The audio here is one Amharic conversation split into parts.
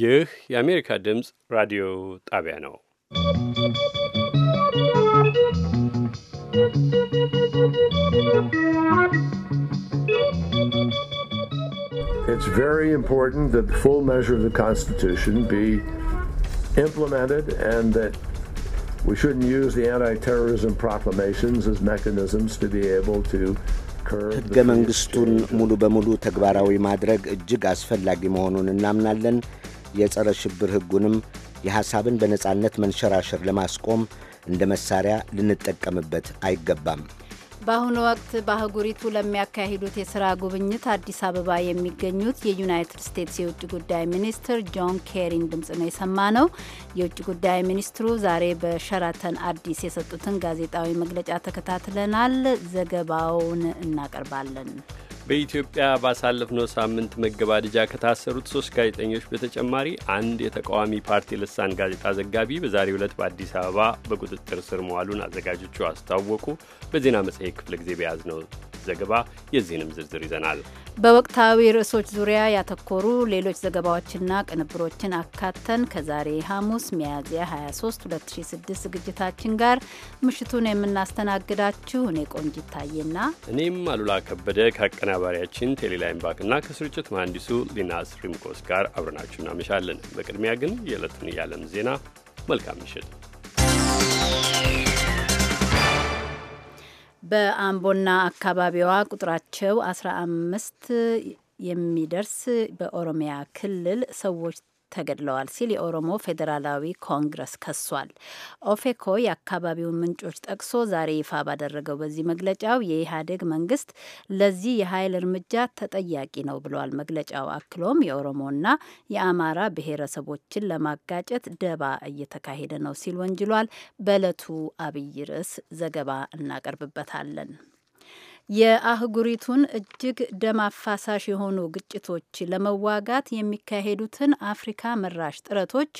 ይህ የአሜሪካ ድምፅ ራዲዮ ጣቢያ ነው። It's very important that the full measure of the Constitution be implemented and that we shouldn't use the anti-terrorism proclamations as mechanisms to be able to ሕገ መንግሥቱን ሙሉ በሙሉ ተግባራዊ ማድረግ እጅግ አስፈላጊ መሆኑን እናምናለን። የጸረ ሽብር ሕጉንም የሐሳብን በነጻነት መንሸራሸር ለማስቆም እንደ መሳሪያ ልንጠቀምበት አይገባም። በአሁኑ ወቅት በአህጉሪቱ ለሚያካሂዱት የስራ ጉብኝት አዲስ አበባ የሚገኙት የዩናይትድ ስቴትስ የውጭ ጉዳይ ሚኒስትር ጆን ኬሪን ድምጽ ነው የሰማ ነው። የውጭ ጉዳይ ሚኒስትሩ ዛሬ በሸራተን አዲስ የሰጡትን ጋዜጣዊ መግለጫ ተከታትለናል። ዘገባውን እናቀርባለን። በኢትዮጵያ ባሳለፍነው ሳምንት መገባደጃ ከታሰሩት ሶስት ጋዜጠኞች በተጨማሪ አንድ የተቃዋሚ ፓርቲ ልሳን ጋዜጣ ዘጋቢ በዛሬው ዕለት በአዲስ አበባ በቁጥጥር ስር መዋሉን አዘጋጆቹ አስታወቁ። በዜና መጽሔት ክፍለ ጊዜ በያዝ ነው ዘገባ የዚህንም ዝርዝር ይዘናል። በወቅታዊ ርዕሶች ዙሪያ ያተኮሩ ሌሎች ዘገባዎችና ቅንብሮችን አካተን ከዛሬ ሐሙስ ሚያዝያ 23 2006 ዝግጅታችን ጋር ምሽቱን የምናስተናግዳችሁ እኔ ቆንጅ ይታየና እኔም አሉላ ከበደ ከአቀናባሪያችን ቴሌላይም ባክና ከስርጭት መሐንዲሱ ሊናስ ሪምኮስ ጋር አብረናችሁ እናመሻለን። በቅድሚያ ግን የዕለቱን የዓለም ዜና። መልካም ምሽት። በአምቦና አካባቢዋ ቁጥራቸው 15 የሚደርስ በኦሮሚያ ክልል ሰዎች ተገድለዋል ሲል የኦሮሞ ፌዴራላዊ ኮንግረስ ከሷል። ኦፌኮ የአካባቢውን ምንጮች ጠቅሶ ዛሬ ይፋ ባደረገው በዚህ መግለጫው የኢህአዴግ መንግስት ለዚህ የኃይል እርምጃ ተጠያቂ ነው ብሏል። መግለጫው አክሎም የኦሮሞና የአማራ ብሔረሰቦችን ለማጋጨት ደባ እየተካሄደ ነው ሲል ወንጅሏል። በለቱ አብይ ርዕስ ዘገባ እናቀርብበታለን። የአህጉሪቱን እጅግ ደም አፋሳሽ የሆኑ ግጭቶች ለመዋጋት የሚካሄዱትን አፍሪካ መራሽ ጥረቶች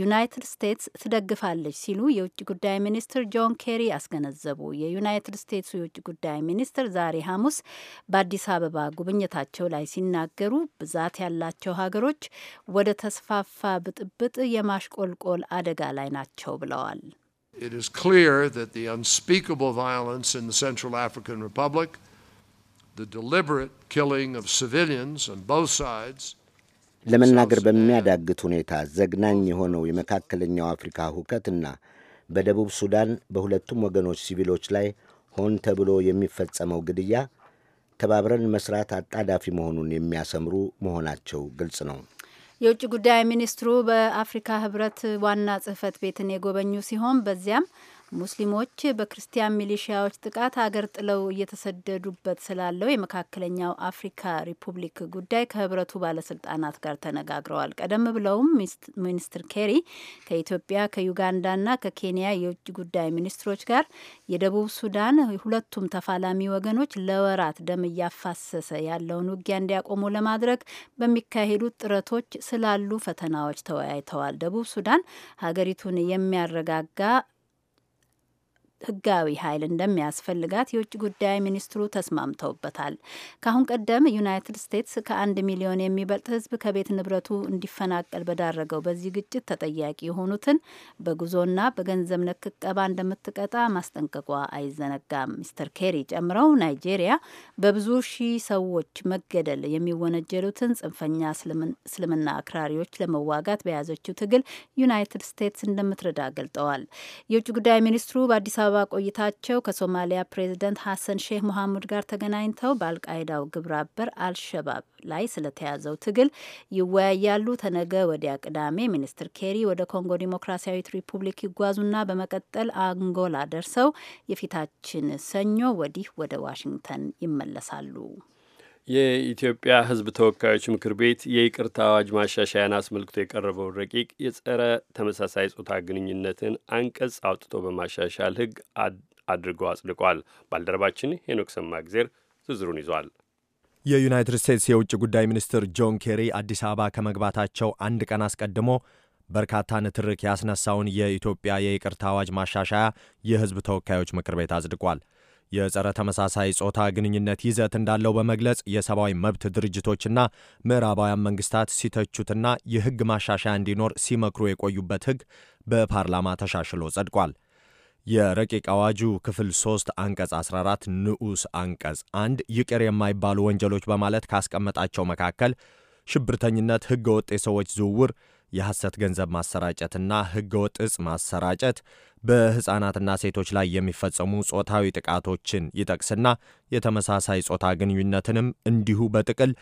ዩናይትድ ስቴትስ ትደግፋለች ሲሉ የውጭ ጉዳይ ሚኒስትር ጆን ኬሪ አስገነዘቡ። የዩናይትድ ስቴትሱ የውጭ ጉዳይ ሚኒስትር ዛሬ ሐሙስ በአዲስ አበባ ጉብኝታቸው ላይ ሲናገሩ ብዛት ያላቸው ሀገሮች ወደ ተስፋፋ ብጥብጥ የማሽቆልቆል አደጋ ላይ ናቸው ብለዋል። it is clear that the unspeakable violence in the Central African Republic, the deliberate killing of civilians on both sides, ለመናገር በሚያዳግት ሁኔታ ዘግናኝ የሆነው የመካከለኛው አፍሪካ ሁከትና በደቡብ ሱዳን በሁለቱም ወገኖች ሲቪሎች ላይ ሆን ተብሎ የሚፈጸመው ግድያ ተባብረን መስራት አጣዳፊ መሆኑን የሚያሰምሩ መሆናቸው ግልጽ ነው። የውጭ ጉዳይ ሚኒስትሩ በአፍሪካ ህብረት ዋና ጽህፈት ቤትን የጎበኙ ሲሆን በዚያም ሙስሊሞች በክርስቲያን ሚሊሺያዎች ጥቃት አገር ጥለው እየተሰደዱበት ስላለው የመካከለኛው አፍሪካ ሪፑብሊክ ጉዳይ ከህብረቱ ባለስልጣናት ጋር ተነጋግረዋል። ቀደም ብለውም ሚኒስትር ኬሪ ከኢትዮጵያ ከዩጋንዳና ከኬንያ የውጭ ጉዳይ ሚኒስትሮች ጋር የደቡብ ሱዳን ሁለቱም ተፋላሚ ወገኖች ለወራት ደም እያፋሰሰ ያለውን ውጊያ እንዲያቆሙ ለማድረግ በሚካሄዱ ጥረቶች ስላሉ ፈተናዎች ተወያይተዋል። ደቡብ ሱዳን ሀገሪቱን የሚያረጋጋ ህጋዊ ኃይል እንደሚያስፈልጋት የውጭ ጉዳይ ሚኒስትሩ ተስማምተውበታል። ከአሁን ቀደም ዩናይትድ ስቴትስ ከአንድ ሚሊዮን የሚበልጥ ህዝብ ከቤት ንብረቱ እንዲፈናቀል በዳረገው በዚህ ግጭት ተጠያቂ የሆኑትን በጉዞና በገንዘብ ነክ ቀባ እንደምትቀጣ ማስጠንቀቋ አይዘነጋም። ሚስተር ኬሪ ጨምረው ናይጄሪያ በብዙ ሺህ ሰዎች መገደል የሚወነጀሉትን ጽንፈኛ እስልምና አክራሪዎች ለመዋጋት በያዘችው ትግል ዩናይትድ ስቴትስ እንደምትረዳ ገልጠዋል። የውጭ ጉዳይ ሚኒስትሩ በአዲስ አበባ ቆይታቸው ከሶማሊያ ፕሬዚደንት ሐሰን ሼህ መሐሙድ ጋር ተገናኝተው በአልቃይዳው ግብረ አበር አልሸባብ ላይ ስለተያዘው ትግል ይወያያሉ። ተነገ ወዲያ ቅዳሜ ሚኒስትር ኬሪ ወደ ኮንጎ ዲሞክራሲያዊት ሪፑብሊክ ይጓዙና በመቀጠል አንጎላ ደርሰው የፊታችን ሰኞ ወዲህ ወደ ዋሽንግተን ይመለሳሉ። የኢትዮጵያ ሕዝብ ተወካዮች ምክር ቤት የይቅርታ አዋጅ ማሻሻያን አስመልክቶ የቀረበውን ረቂቅ የጸረ ተመሳሳይ ጾታ ግንኙነትን አንቀጽ አውጥቶ በማሻሻል ሕግ አድርጎ አጽድቋል። ባልደረባችን ሄኖክ ሰማግዜር ዝርዝሩን ይዟል። የዩናይትድ ስቴትስ የውጭ ጉዳይ ሚኒስትር ጆን ኬሪ አዲስ አበባ ከመግባታቸው አንድ ቀን አስቀድሞ በርካታ ንትርክ ያስነሳውን የኢትዮጵያ የይቅርታ አዋጅ ማሻሻያ የሕዝብ ተወካዮች ምክር ቤት አጽድቋል። የጸረ ተመሳሳይ ጾታ ግንኙነት ይዘት እንዳለው በመግለጽ የሰብአዊ መብት ድርጅቶችና ምዕራባውያን መንግስታት ሲተቹትና የህግ ማሻሻያ እንዲኖር ሲመክሩ የቆዩበት ህግ በፓርላማ ተሻሽሎ ጸድቋል። የረቂቅ አዋጁ ክፍል 3 አንቀጽ 14 ንዑስ አንቀጽ አንድ ይቅር የማይባሉ ወንጀሎች በማለት ካስቀመጣቸው መካከል ሽብርተኝነት፣ ህገወጥ የሰዎች ዝውውር፣ የሐሰት ገንዘብ ማሰራጨትና ህገወጥ እጽ ማሰራጨት በሕፃናትና ሴቶች ላይ የሚፈጸሙ ጾታዊ ጥቃቶችን ይጠቅስና የተመሳሳይ ጾታ ግንኙነትንም እንዲሁ በጥቅል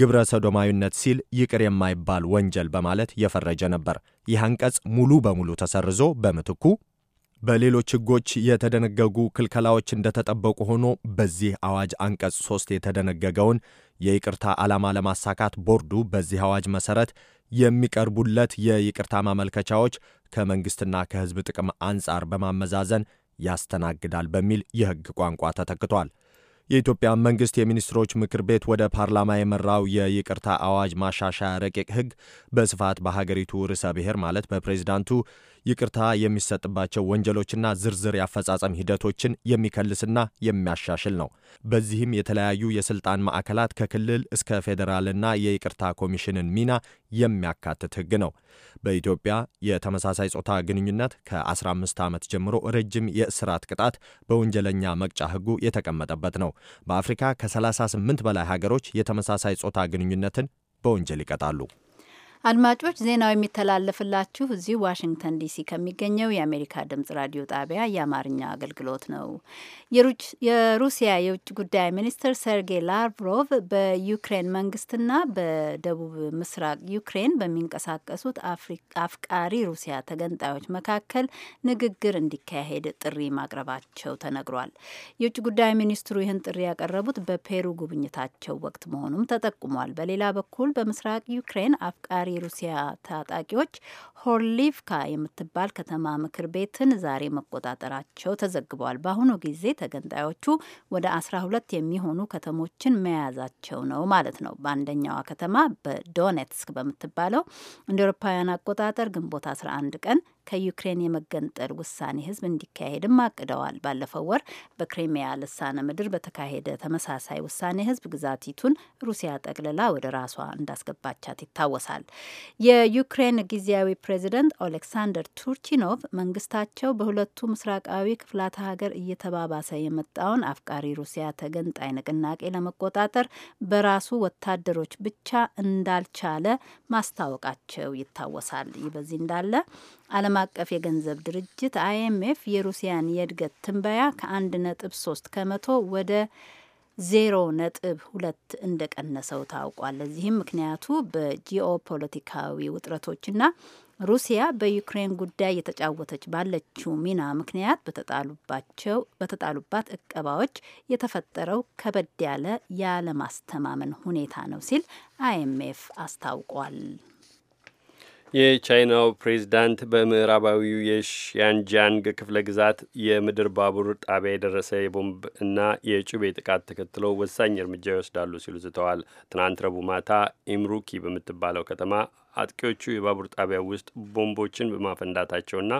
ግብረ ሰዶማዊነት ሲል ይቅር የማይባል ወንጀል በማለት የፈረጀ ነበር። ይህ አንቀጽ ሙሉ በሙሉ ተሰርዞ በምትኩ በሌሎች ሕጎች የተደነገጉ ክልከላዎች እንደተጠበቁ ሆኖ በዚህ አዋጅ አንቀጽ ሶስት የተደነገገውን የይቅርታ ዓላማ ለማሳካት ቦርዱ በዚህ አዋጅ መሠረት የሚቀርቡለት የይቅርታ ማመልከቻዎች ከመንግሥትና ከሕዝብ ጥቅም አንጻር በማመዛዘን ያስተናግዳል በሚል የሕግ ቋንቋ ተተክቷል። የኢትዮጵያ መንግሥት የሚኒስትሮች ምክር ቤት ወደ ፓርላማ የመራው የይቅርታ አዋጅ ማሻሻያ ረቂቅ ሕግ በስፋት በሀገሪቱ ርዕሰ ብሔር ማለት በፕሬዝዳንቱ ይቅርታ የሚሰጥባቸው ወንጀሎችና ዝርዝር የአፈጻጸም ሂደቶችን የሚከልስና የሚያሻሽል ነው። በዚህም የተለያዩ የስልጣን ማዕከላት ከክልል እስከ ፌዴራልና የይቅርታ ኮሚሽንን ሚና የሚያካትት ህግ ነው። በኢትዮጵያ የተመሳሳይ ጾታ ግንኙነት ከ15 ዓመት ጀምሮ ረጅም የእስራት ቅጣት በወንጀለኛ መቅጫ ህጉ የተቀመጠበት ነው። በአፍሪካ ከ38 በላይ ሀገሮች የተመሳሳይ ጾታ ግንኙነትን በወንጀል ይቀጣሉ። አድማጮች ዜናው የሚተላለፍላችሁ እዚህ ዋሽንግተን ዲሲ ከሚገኘው የአሜሪካ ድምጽ ራዲዮ ጣቢያ የአማርኛ አገልግሎት ነው። የሩሲያ የውጭ ጉዳይ ሚኒስትር ሰርጌይ ላቭሮቭ በዩክሬን መንግስትና በደቡብ ምስራቅ ዩክሬን በሚንቀሳቀሱት አፍቃሪ ሩሲያ ተገንጣዮች መካከል ንግግር እንዲካሄድ ጥሪ ማቅረባቸው ተነግሯል። የውጭ ጉዳይ ሚኒስትሩ ይህን ጥሪ ያቀረቡት በፔሩ ጉብኝታቸው ወቅት መሆኑም ተጠቁሟል። በሌላ በኩል በምስራቅ ዩክሬን አፍቃሪ የሩሲያ ታጣቂዎች ሆርሊቭካ የምትባል ከተማ ምክር ቤትን ዛሬ መቆጣጠራቸው ተዘግበዋል። በአሁኑ ጊዜ ተገንጣዮቹ ወደ ሁለት የሚሆኑ ከተሞችን መያዛቸው ነው ማለት ነው። በአንደኛዋ ከተማ በዶኔትስክ በምትባለው እንደ አውሮፓውያን አቆጣጠር ግንቦት 11 ቀን ከዩክሬን የመገንጠል ውሳኔ ህዝብ እንዲካሄድም አቅደዋል። ባለፈው ወር በክሪሚያ ልሳነ ምድር በተካሄደ ተመሳሳይ ውሳኔ ህዝብ ግዛቲቱን ሩሲያ ጠቅልላ ወደ ራሷ እንዳስገባቻት ይታወሳል። የዩክሬን ጊዜያዊ ፕሬዚደንት ኦሌክሳንደር ቱርቺኖቭ መንግስታቸው በሁለቱ ምስራቃዊ ክፍላተ ሀገር እየተባባሰ የመጣውን አፍቃሪ ሩሲያ ተገንጣይ ንቅናቄ ለመቆጣጠር በራሱ ወታደሮች ብቻ እንዳልቻለ ማስታወቃቸው ይታወሳል። ይህ በዚህ እንዳለ ዓለም አቀፍ የገንዘብ ድርጅት አይኤምኤፍ የሩሲያን የእድገት ትንበያ ከአንድ ነጥብ ሶስት ከመቶ ወደ ዜሮ ነጥብ ሁለት እንደቀነሰው ታውቋል። ለዚህም ምክንያቱ በጂኦ ፖለቲካዊ ውጥረቶችና ሩሲያ በዩክሬን ጉዳይ እየተጫወተች ባለችው ሚና ምክንያት በተጣሉባቸው በተጣሉባት እቀባዎች የተፈጠረው ከበድ ያለ ያለማስተማመን ሁኔታ ነው ሲል አይኤምኤፍ አስታውቋል። የቻይናው ፕሬዚዳንት በምዕራባዊው የሺያንጃንግ ክፍለ ግዛት የምድር ባቡር ጣቢያ የደረሰ የቦምብ እና የጩቤ ጥቃት ተከትለው ወሳኝ እርምጃ ይወስዳሉ ሲሉ ዝተዋል። ትናንት ረቡዕ ማታ ኢምሩኪ በምትባለው ከተማ አጥቂዎቹ የባቡር ጣቢያ ውስጥ ቦምቦችን በማፈንዳታቸውና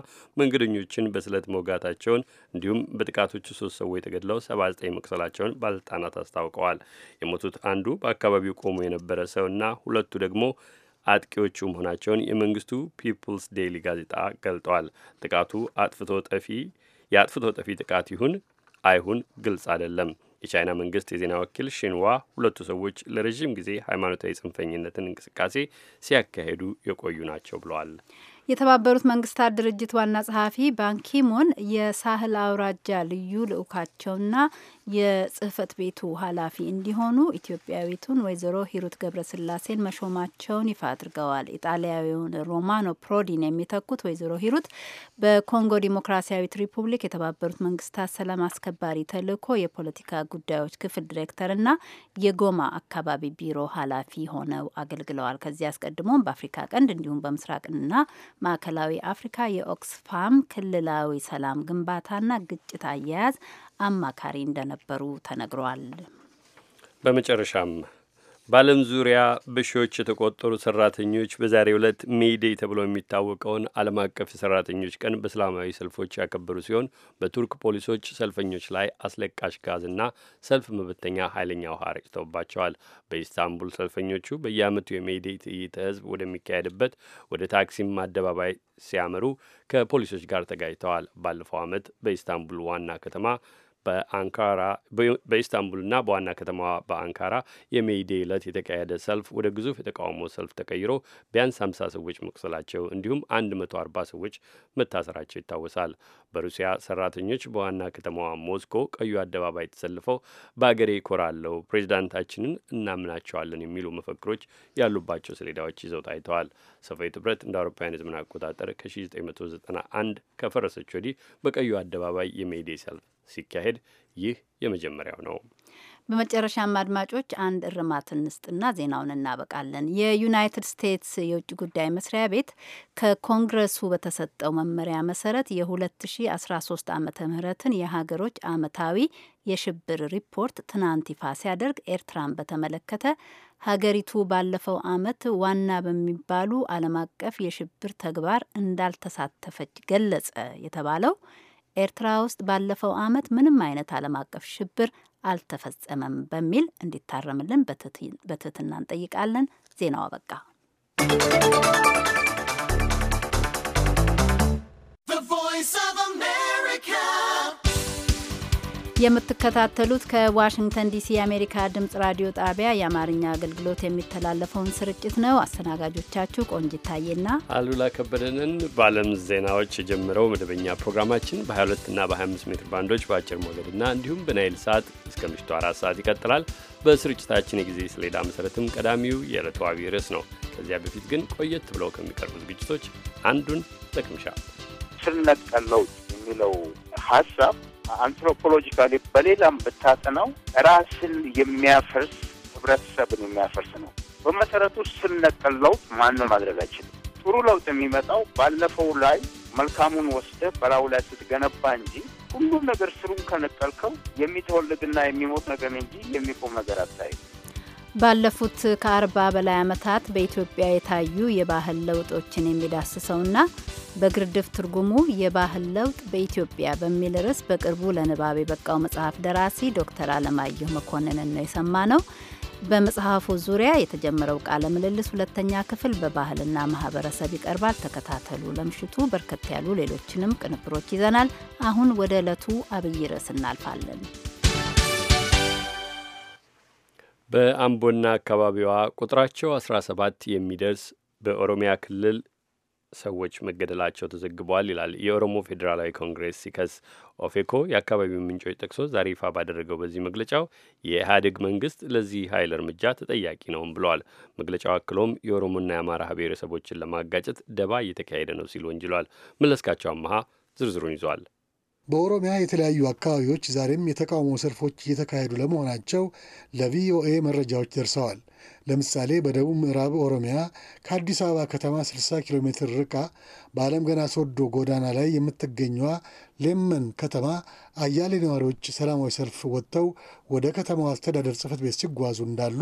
መንገደኞችን በስለት መውጋታቸውን እንዲሁም በጥቃቶቹ ሶስት ሰዎች ተገድለው ሰባ ዘጠኝ መቁሰላቸውን ባለስልጣናት አስታውቀዋል። የሞቱት አንዱ በአካባቢው ቆሞ የነበረ ሰው እና ሁለቱ ደግሞ አጥቂዎቹ መሆናቸውን የመንግስቱ ፒፕልስ ዴይሊ ጋዜጣ ገልጧል። ጥቃቱ አጥፍቶ ጠፊ የአጥፍቶ ጠፊ ጥቃት ይሁን አይሁን ግልጽ አይደለም። የቻይና መንግስት የዜና ወኪል ሽንዋ ሁለቱ ሰዎች ለረዥም ጊዜ ሃይማኖታዊ ጽንፈኝነትን እንቅስቃሴ ሲያካሄዱ የቆዩ ናቸው ብለዋል። የተባበሩት መንግስታት ድርጅት ዋና ጸሐፊ ባንኪሙን የሳህል አውራጃ ልዩ ልዑካቸውና የጽህፈት ቤቱ ኃላፊ እንዲሆኑ ኢትዮጵያዊቱን ወይዘሮ ሂሩት ገብረስላሴን መሾማቸውን ይፋ አድርገዋል። ኢጣሊያዊውን ሮማኖ ፕሮዲን የሚተኩት ወይዘሮ ሂሩት በኮንጎ ዲሞክራሲያዊት ሪፑብሊክ የተባበሩት መንግስታት ሰላም አስከባሪ ተልዕኮ የፖለቲካ ጉዳዮች ክፍል ዲሬክተርና የጎማ አካባቢ ቢሮ ኃላፊ ሆነው አገልግለዋል። ከዚህ አስቀድሞም በአፍሪካ ቀንድ እንዲሁም በምስራቅና ማዕከላዊ አፍሪካ የኦክስፋም ክልላዊ ሰላም ግንባታና ግጭት አያያዝ አማካሪ እንደነበሩ ተነግሯል። በመጨረሻም በዓለም ዙሪያ በሺዎች የተቆጠሩ ሰራተኞች በዛሬ ዕለት ሜዴ ተብሎ የሚታወቀውን ዓለም አቀፍ የሰራተኞች ቀን በሰላማዊ ሰልፎች ያከበሩ ሲሆን በቱርክ ፖሊሶች ሰልፈኞች ላይ አስለቃሽ ጋዝና ሰልፍ መበተኛ ኃይለኛ ውሃ ረጭተውባቸዋል። በኢስታንቡል ሰልፈኞቹ በየዓመቱ የሜዴ ትዕይንተ ህዝብ ወደሚካሄድበት ወደ ታክሲም አደባባይ ሲያመሩ ከፖሊሶች ጋር ተጋጭተዋል። ባለፈው ዓመት በኢስታንቡል ዋና ከተማ በአንካራ በኢስታንቡልና በዋና ከተማዋ በአንካራ የሜይዴ ዕለት የተካሄደ ሰልፍ ወደ ግዙፍ የተቃውሞ ሰልፍ ተቀይሮ ቢያንስ 50 ሰዎች መቁሰላቸው እንዲሁም 140 ሰዎች መታሰራቸው ይታወሳል። በሩሲያ ሰራተኞች በዋና ከተማዋ ሞስኮ ቀዩ አደባባይ ተሰልፈው በአገሬ ኮራለው ፕሬዚዳንታችንን እናምናቸዋለን የሚሉ መፈክሮች ያሉባቸው ሰሌዳዎች ይዘው ታይተዋል። ሰፌድ ህብረት እንደ አውሮፓውያን የዘመን አቆጣጠር ከ1991 ከፈረሰች ወዲህ በቀዩ አደባባይ የሜይዴ ሰልፍ ሲካሄድ ይህ የመጀመሪያው ነው። በመጨረሻም አድማጮች አንድ እርማት እንስጥና ዜናውን እናበቃለን። የዩናይትድ ስቴትስ የውጭ ጉዳይ መስሪያ ቤት ከኮንግረሱ በተሰጠው መመሪያ መሰረት የ2013 ዓመተ ምህረትን የሀገሮች አመታዊ የሽብር ሪፖርት ትናንት ይፋ ሲያደርግ ኤርትራን በተመለከተ ሀገሪቱ ባለፈው አመት ዋና በሚባሉ ዓለም አቀፍ የሽብር ተግባር እንዳልተሳተፈች ገለጸ የተባለው ኤርትራ ውስጥ ባለፈው ዓመት ምንም አይነት ዓለም አቀፍ ሽብር አልተፈጸመም በሚል እንዲታረምልን በትህትና እንጠይቃለን። ዜናው አበቃ። ቮይስ ኦፍ የምትከታተሉት ከዋሽንግተን ዲሲ የአሜሪካ ድምጽ ራዲዮ ጣቢያ የአማርኛ አገልግሎት የሚተላለፈውን ስርጭት ነው። አስተናጋጆቻችሁ ቆንጂት ታዬና አሉላ ከበደንን በዓለም ዜናዎች የጀመረው መደበኛ ፕሮግራማችን በ22ና በ25 ሜትር ባንዶች በአጭር ሞገድና እንዲሁም በናይል ሰዓት እስከ ምሽቱ አራት ሰዓት ይቀጥላል። በስርጭታችን የጊዜ ሰሌዳ መሰረትም ቀዳሚው የዕለቱ አብይ ርዕስ ነው። ከዚያ በፊት ግን ቆየት ብለው ከሚቀርቡ ዝግጅቶች አንዱን ጥቅምሻ ስር የሚለው ሀሳብ አንትሮፖሎጂካሊ በሌላም ብታጥነው ራስን የሚያፈርስ ህብረተሰብን የሚያፈርስ ነው። በመሰረቱ ስንነቀል ለውጥ ማንም ማድረግ አይችልም። ጥሩ ለውጥ የሚመጣው ባለፈው ላይ መልካሙን ወስደ በላዩ ላይ ስትገነባ እንጂ ሁሉም ነገር ስሩን ከነቀልከው የሚተወልግና የሚሞት ነገር እንጂ የሚቆም ነገር አታይም። ባለፉት ከአርባ በላይ ዓመታት በኢትዮጵያ የታዩ የባህል ለውጦችን የሚዳስሰውና በግርድፍ ትርጉሙ የባህል ለውጥ በኢትዮጵያ በሚል ርዕስ በቅርቡ ለንባብ የበቃው መጽሐፍ ደራሲ ዶክተር አለማየሁ መኮንንን ነው የሰማ ነው። በመጽሐፉ ዙሪያ የተጀመረው ቃለ ምልልስ ሁለተኛ ክፍል በባህልና ማህበረሰብ ይቀርባል። ተከታተሉ። ለምሽቱ በርከት ያሉ ሌሎችንም ቅንብሮች ይዘናል። አሁን ወደ ዕለቱ አብይ ርዕስ እናልፋለን። በአምቦና አካባቢዋ ቁጥራቸው 17 የሚደርስ በኦሮሚያ ክልል ሰዎች መገደላቸው ተዘግቧል ይላል የኦሮሞ ፌዴራላዊ ኮንግሬስ ሲከስ። ኦፌኮ የአካባቢውን ምንጮች ጠቅሶ ዛሬ ይፋ ባደረገው በዚህ መግለጫው የኢህአዴግ መንግስት ለዚህ ኃይል እርምጃ ተጠያቂ ነውም ብለዋል። መግለጫው አክሎም የኦሮሞና የአማራ ብሔረሰቦችን ለማጋጨት ደባ እየተካሄደ ነው ሲል ወንጅሏል። መለስካቸው አመሃ ዝርዝሩን ይዟል። በኦሮሚያ የተለያዩ አካባቢዎች ዛሬም የተቃውሞ ሰልፎች እየተካሄዱ ለመሆናቸው ለቪኦኤ መረጃዎች ደርሰዋል። ለምሳሌ በደቡብ ምዕራብ ኦሮሚያ ከአዲስ አበባ ከተማ 60 ኪሎ ሜትር ርቃ በዓለም ገና ሶዶ ጎዳና ላይ የምትገኘዋ ሌመን ከተማ አያሌ ነዋሪዎች ሰላማዊ ሰልፍ ወጥተው ወደ ከተማዋ አስተዳደር ጽፈት ቤት ሲጓዙ እንዳሉ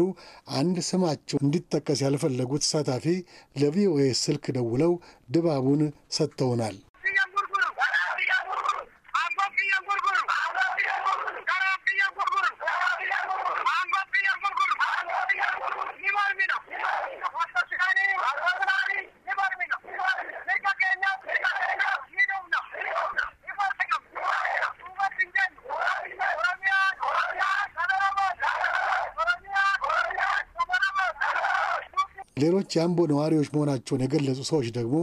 አንድ ስማቸው እንዲጠቀስ ያልፈለጉ ተሳታፊ ለቪኦኤ ስልክ ደውለው ድባቡን ሰጥተውናል። ሌሎች የአምቦ ነዋሪዎች መሆናቸውን የገለጹ ሰዎች ደግሞ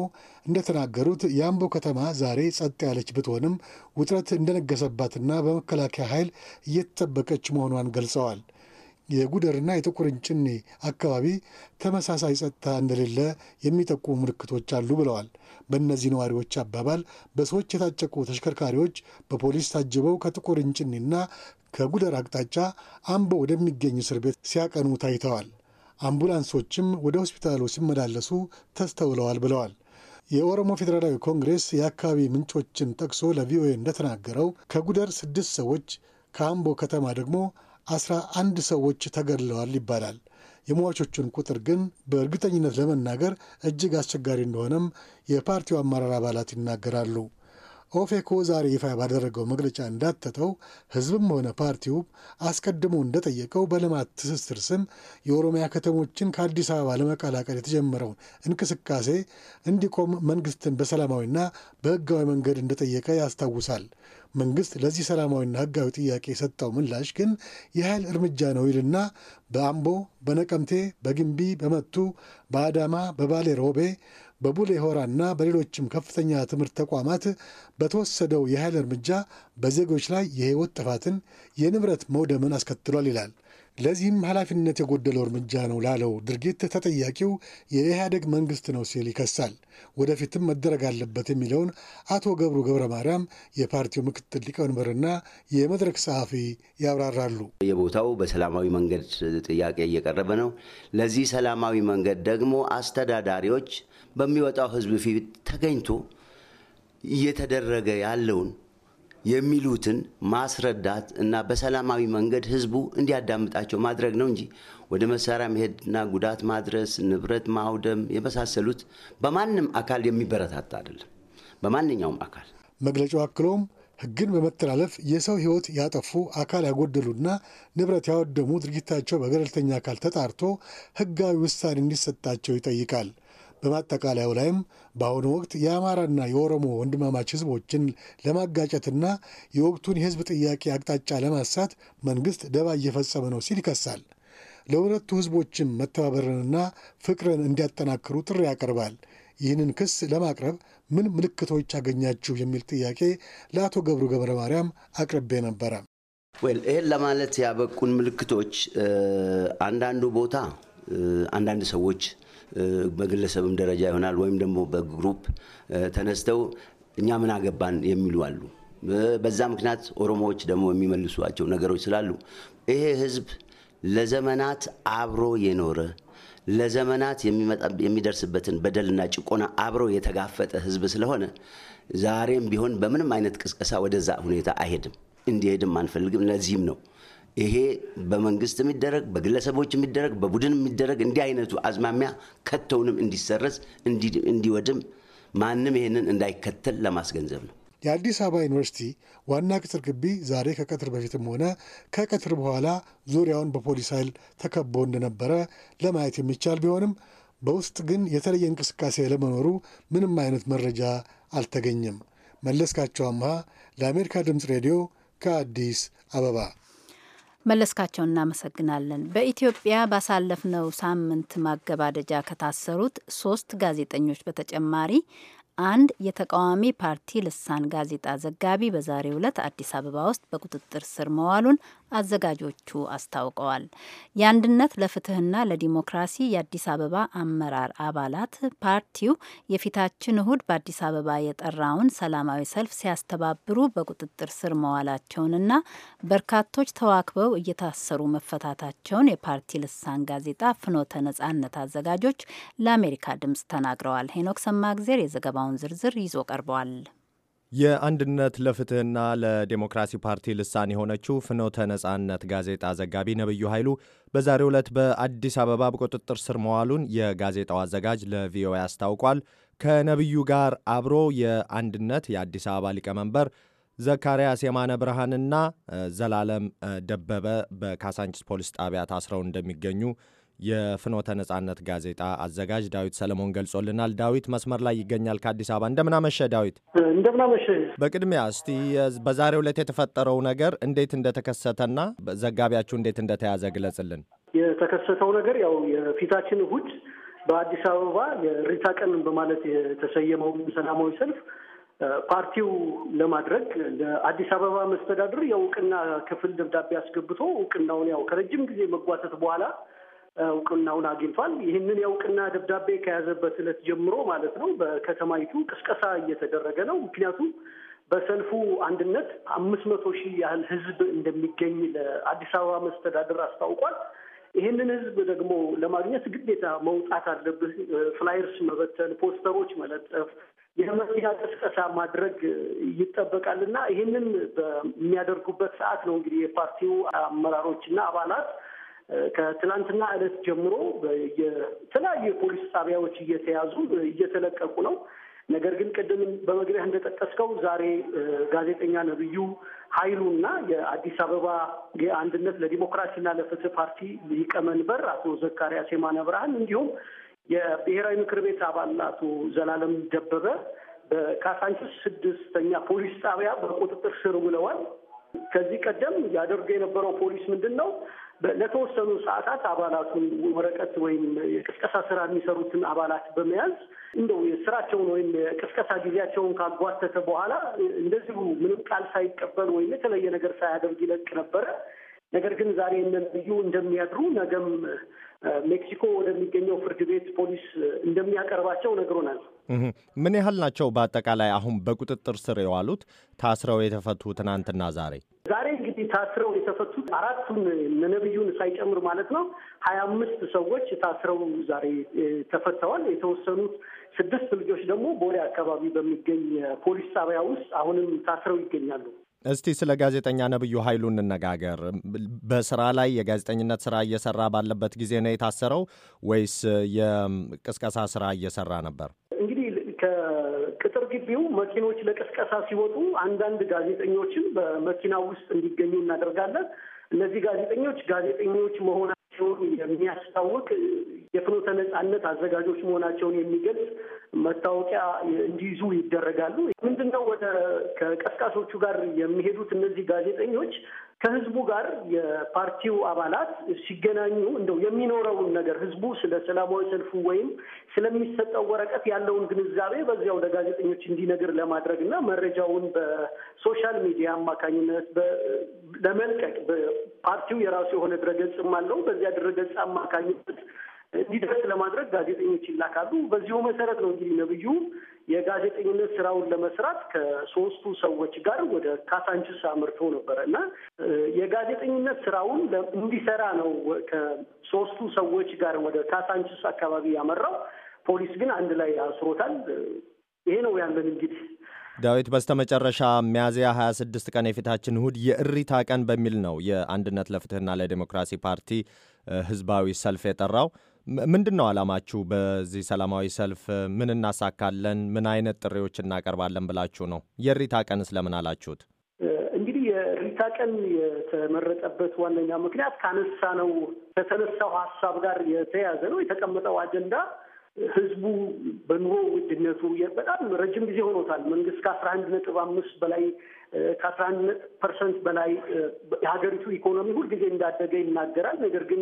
እንደተናገሩት የአምቦ ከተማ ዛሬ ጸጥ ያለች ብትሆንም ውጥረት እንደነገሰባትና በመከላከያ ኃይል እየተጠበቀች መሆኗን ገልጸዋል። የጉደርና የጥቁርን አካባቢ ተመሳሳይ ጸጥታ እንደሌለ የሚጠቁሙ ምልክቶች አሉ ብለዋል። በእነዚህ ነዋሪዎች አባባል በሰዎች የታጨቁ ተሽከርካሪዎች በፖሊስ ታጅበው ከጥቁርን ከጉደር አቅጣጫ አምቦ ወደሚገኝ እስር ቤት ሲያቀኑ ታይተዋል። አምቡላንሶችም ወደ ሆስፒታሉ ሲመላለሱ ተስተውለዋል ብለዋል። የኦሮሞ ፌዴራላዊ ኮንግሬስ የአካባቢ ምንጮችን ጠቅሶ ለቪኦኤ እንደተናገረው ከጉደር ስድስት ሰዎች ከአምቦ ከተማ ደግሞ አስራ አንድ ሰዎች ተገድለዋል ይባላል። የሟቾቹን ቁጥር ግን በእርግጠኝነት ለመናገር እጅግ አስቸጋሪ እንደሆነም የፓርቲው አመራር አባላት ይናገራሉ። ኦፌኮ ዛሬ ይፋ ባደረገው መግለጫ እንዳተተው ህዝብም ሆነ ፓርቲው አስቀድሞ እንደጠየቀው በልማት ትስስር ስም የኦሮሚያ ከተሞችን ከአዲስ አበባ ለመቀላቀል የተጀመረውን እንቅስቃሴ እንዲቆም መንግስትን በሰላማዊና በህጋዊ መንገድ እንደጠየቀ ያስታውሳል። መንግስት ለዚህ ሰላማዊና ህጋዊ ጥያቄ የሰጠው ምላሽ ግን የኃይል እርምጃ ነው ይልና በአምቦ፣ በነቀምቴ፣ በግንቢ፣ በመቱ፣ በአዳማ፣ በባሌ ሮቤ በቡሌ ሆራና በሌሎችም ከፍተኛ ትምህርት ተቋማት በተወሰደው የኃይል እርምጃ በዜጎች ላይ የህይወት ጥፋትን፣ የንብረት መውደምን አስከትሏል ይላል። ለዚህም ኃላፊነት የጎደለው እርምጃ ነው ላለው ድርጊት ተጠያቂው የኢህአደግ መንግስት ነው ሲል ይከሳል። ወደፊትም መደረግ አለበት የሚለውን አቶ ገብሩ ገብረ ማርያም የፓርቲው ምክትል ሊቀመንበርና የመድረክ ጸሐፊ ያብራራሉ። የቦታው በሰላማዊ መንገድ ጥያቄ እየቀረበ ነው። ለዚህ ሰላማዊ መንገድ ደግሞ አስተዳዳሪዎች በሚወጣው ህዝብ ፊት ተገኝቶ እየተደረገ ያለውን የሚሉትን ማስረዳት እና በሰላማዊ መንገድ ህዝቡ እንዲያዳምጣቸው ማድረግ ነው እንጂ ወደ መሳሪያ መሄድና ጉዳት ማድረስ፣ ንብረት ማውደም የመሳሰሉት በማንም አካል የሚበረታታ አይደለም። በማንኛውም አካል መግለጫው አክሎም ህግን በመተላለፍ የሰው ህይወት ያጠፉ አካል ያጎደሉና ንብረት ያወደሙ ድርጊታቸው በገለልተኛ አካል ተጣርቶ ህጋዊ ውሳኔ እንዲሰጣቸው ይጠይቃል። በማጠቃለያው ላይም በአሁኑ ወቅት የአማራና የኦሮሞ ወንድማማች ህዝቦችን ለማጋጨትና የወቅቱን የህዝብ ጥያቄ አቅጣጫ ለማሳት መንግስት ደባ እየፈጸመ ነው ሲል ይከሳል። ለሁለቱ ህዝቦችም መተባበርንና ፍቅርን እንዲያጠናክሩ ጥሪ ያቀርባል። ይህንን ክስ ለማቅረብ ምን ምልክቶች አገኛችሁ የሚል ጥያቄ ለአቶ ገብሩ ገብረ ማርያም አቅርቤ ነበረ። ይህን ለማለት ያበቁን ምልክቶች አንዳንዱ ቦታ አንዳንድ ሰዎች በግለሰብም ደረጃ ይሆናል ወይም ደግሞ በግሩፕ ተነስተው እኛ ምን አገባን የሚሉ አሉ። በዛ ምክንያት ኦሮሞዎች ደግሞ የሚመልሷቸው ነገሮች ስላሉ ይሄ ህዝብ ለዘመናት አብሮ የኖረ ለዘመናት የሚደርስበትን በደልና ጭቆና አብሮ የተጋፈጠ ህዝብ ስለሆነ ዛሬም ቢሆን በምንም አይነት ቅስቀሳ ወደዛ ሁኔታ አይሄድም፣ እንዲሄድም አንፈልግም። ለዚህም ነው ይሄ በመንግስት የሚደረግ በግለሰቦች የሚደረግ በቡድን የሚደረግ እንዲህ አይነቱ አዝማሚያ ከተውንም እንዲሰረዝ እንዲወድም ማንም ይህንን እንዳይከተል ለማስገንዘብ ነው። የአዲስ አበባ ዩኒቨርሲቲ ዋና ቅጥር ግቢ ዛሬ ከቀትር በፊትም ሆነ ከቀትር በኋላ ዙሪያውን በፖሊስ ኃይል ተከቦ እንደነበረ ለማየት የሚቻል ቢሆንም በውስጥ ግን የተለየ እንቅስቃሴ ለመኖሩ ምንም አይነት መረጃ አልተገኘም። መለስካቸው አምሃ ለአሜሪካ ድምፅ ሬዲዮ ከአዲስ አበባ መለስካቸው እናመሰግናለን። በኢትዮጵያ ባሳለፍነው ሳምንት ማገባደጃ ከታሰሩት ሶስት ጋዜጠኞች በተጨማሪ አንድ የተቃዋሚ ፓርቲ ልሳን ጋዜጣ ዘጋቢ በዛሬው ዕለት አዲስ አበባ ውስጥ በቁጥጥር ስር መዋሉን አዘጋጆቹ አስታውቀዋል። የአንድነት ለፍትህና ለዲሞክራሲ የአዲስ አበባ አመራር አባላት ፓርቲው የፊታችን እሁድ በአዲስ አበባ የጠራውን ሰላማዊ ሰልፍ ሲያስተባብሩ በቁጥጥር ስር መዋላቸውንና በርካቶች ተዋክበው እየታሰሩ መፈታታቸውን የፓርቲ ልሳን ጋዜጣ ፍኖተ ነጻነት አዘጋጆች ለአሜሪካ ድምጽ ተናግረዋል። ሄኖክ ሰማእግዜር የዘገባውን ዝርዝር ይዞ ቀርበዋል። የአንድነት ለፍትህና ለዴሞክራሲ ፓርቲ ልሳን የሆነችው ፍኖተ ነጻነት ጋዜጣ ዘጋቢ ነብዩ ኃይሉ በዛሬው ዕለት በአዲስ አበባ በቁጥጥር ስር መዋሉን የጋዜጣው አዘጋጅ ለቪኦኤ አስታውቋል። ከነብዩ ጋር አብሮ የአንድነት የአዲስ አበባ ሊቀመንበር ዘካርያስ የማነ ብርሃንና ዘላለም ደበበ በካሳንችስ ፖሊስ ጣቢያ ታስረው እንደሚገኙ የፍኖተ ነጻነት ጋዜጣ አዘጋጅ ዳዊት ሰለሞን ገልጾልናል። ዳዊት መስመር ላይ ይገኛል ከአዲስ አበባ። እንደምናመሸ ዳዊት። እንደምናመሸ። በቅድሚያ እስቲ በዛሬው ዕለት የተፈጠረው ነገር እንዴት እንደተከሰተና ዘጋቢያችሁ እንዴት እንደተያዘ ግለጽልን። የተከሰተው ነገር ያው የፊታችን እሁድ በአዲስ አበባ የሪታ ቀን በማለት የተሰየመውን ሰላማዊ ሰልፍ ፓርቲው ለማድረግ ለአዲስ አበባ መስተዳድር የእውቅና ክፍል ደብዳቤ አስገብቶ እውቅናውን ያው ከረጅም ጊዜ መጓተት በኋላ እውቅናውን አግኝቷል። ይህንን የእውቅና ደብዳቤ ከያዘበት ዕለት ጀምሮ ማለት ነው በከተማይቱ ቅስቀሳ እየተደረገ ነው። ምክንያቱም በሰልፉ አንድነት አምስት መቶ ሺህ ያህል ህዝብ እንደሚገኝ ለአዲስ አበባ መስተዳደር አስታውቋል። ይህንን ህዝብ ደግሞ ለማግኘት ግዴታ መውጣት አለብህ፣ ፍላየርስ መበተን፣ ፖስተሮች መለጠፍ፣ የመኪና ቅስቀሳ ማድረግ ይጠበቃል እና ይህንን በሚያደርጉበት ሰዓት ነው እንግዲህ የፓርቲው አመራሮች እና አባላት ከትናንትና ዕለት ጀምሮ የተለያዩ የፖሊስ ጣቢያዎች እየተያዙ እየተለቀቁ ነው። ነገር ግን ቅድም በመግቢያ እንደጠቀስከው ዛሬ ጋዜጠኛ ነብዩ እና የአዲስ አበባ የአንድነት ለዲሞክራሲና ለፍትህ ፓርቲ ሊቀመንበር አቶ ዘካሪያስ የማነ ብርሃን እንዲሁም የብሔራዊ ምክር ቤት አባል አቶ ዘላለም ደበበ በካሳንችስ ስድስተኛ ፖሊስ ጣቢያ በቁጥጥር ስር ውለዋል። ከዚህ ቀደም ያደርገው የነበረው ፖሊስ ምንድን ነው? ለተወሰኑ ሰዓታት አባላቱን ወረቀት ወይም የቅስቀሳ ስራ የሚሰሩትን አባላት በመያዝ እንደው የስራቸውን ወይም የቅስቀሳ ጊዜያቸውን ካጓተተ በኋላ እንደዚሁ ምንም ቃል ሳይቀበል ወይም የተለየ ነገር ሳያደርግ ይለቅ ነበረ። ነገር ግን ዛሬ እነ ነብዩ እንደሚያድሩ ነገም ሜክሲኮ ወደሚገኘው ፍርድ ቤት ፖሊስ እንደሚያቀርባቸው ነግሮናል። ምን ያህል ናቸው በአጠቃላይ አሁን በቁጥጥር ስር የዋሉት ታስረው የተፈቱ ትናንትና ዛሬ ዛሬ ታስረው የተፈቱት አራቱን ነብዩን ሳይጨምር ማለት ነው ሀያ አምስት ሰዎች ታስረው ዛሬ ተፈተዋል። የተወሰኑት ስድስት ልጆች ደግሞ ቦሌ አካባቢ በሚገኝ ፖሊስ ጣቢያ ውስጥ አሁንም ታስረው ይገኛሉ። እስቲ ስለ ጋዜጠኛ ነብዩ ኃይሉ እንነጋገር። በስራ ላይ የጋዜጠኝነት ስራ እየሰራ ባለበት ጊዜ ነው የታሰረው ወይስ የቅስቀሳ ስራ እየሰራ ነበር? ከቅጥር ግቢው መኪኖች ለቀስቀሳ ሲወጡ አንዳንድ ጋዜጠኞችን በመኪና ውስጥ እንዲገኙ እናደርጋለን። እነዚህ ጋዜጠኞች ጋዜጠኞች መሆናቸውን የሚያስታውቅ የፍኖተ ነጻነት አዘጋጆች መሆናቸውን የሚገልጽ መታወቂያ እንዲይዙ ይደረጋሉ። ምንድን ነው ወደ ከቀስቃሾቹ ጋር የሚሄዱት እነዚህ ጋዜጠኞች ከህዝቡ ጋር የፓርቲው አባላት ሲገናኙ እንደው የሚኖረውን ነገር ህዝቡ ስለ ሰላማዊ ሰልፉ ወይም ስለሚሰጠው ወረቀት ያለውን ግንዛቤ በዚያው ለጋዜጠኞች እንዲነግር ለማድረግ እና መረጃውን በሶሻል ሚዲያ አማካኝነት ለመልቀቅ ፓርቲው የራሱ የሆነ ድረገጽም አለው። በዚያ ድረገጽ አማካኝነት እንዲደርስ ለማድረግ ጋዜጠኞች ይላካሉ። በዚሁ መሰረት ነው እንግዲህ ነብዩ የጋዜጠኝነት ስራውን ለመስራት ከሶስቱ ሰዎች ጋር ወደ ካሳንችስ አምርቶ ነበረ እና የጋዜጠኝነት ስራውን እንዲሰራ ነው ከሶስቱ ሰዎች ጋር ወደ ካሳንችስ አካባቢ ያመራው። ፖሊስ ግን አንድ ላይ አስሮታል። ይሄ ነው ያለን እንግዲህ ዳዊት በስተመጨረሻ ሚያዝያ 26 ቀን የፊታችን እሁድ የእሪታ ቀን በሚል ነው የአንድነት ለፍትህና ለዲሞክራሲ ፓርቲ ህዝባዊ ሰልፍ የጠራው። ምንድን ነው አላማችሁ? በዚህ ሰላማዊ ሰልፍ ምን እናሳካለን፣ ምን አይነት ጥሪዎች እናቀርባለን ብላችሁ ነው? የሪታ ቀንስ ለምን አላችሁት? እንግዲህ የሪታ ቀን የተመረጠበት ዋነኛ ምክንያት ካነሳ ነው ከተነሳው ሀሳብ ጋር የተያያዘ ነው። የተቀመጠው አጀንዳ ህዝቡ በኑሮ ውድነቱ በጣም ረጅም ጊዜ ሆኖታል። መንግስት ከአስራ አንድ ነጥብ አምስት በላይ ከአስራ አንድ ፐርሰንት በላይ የሀገሪቱ ኢኮኖሚ ሁልጊዜ እንዳደገ ይናገራል። ነገር ግን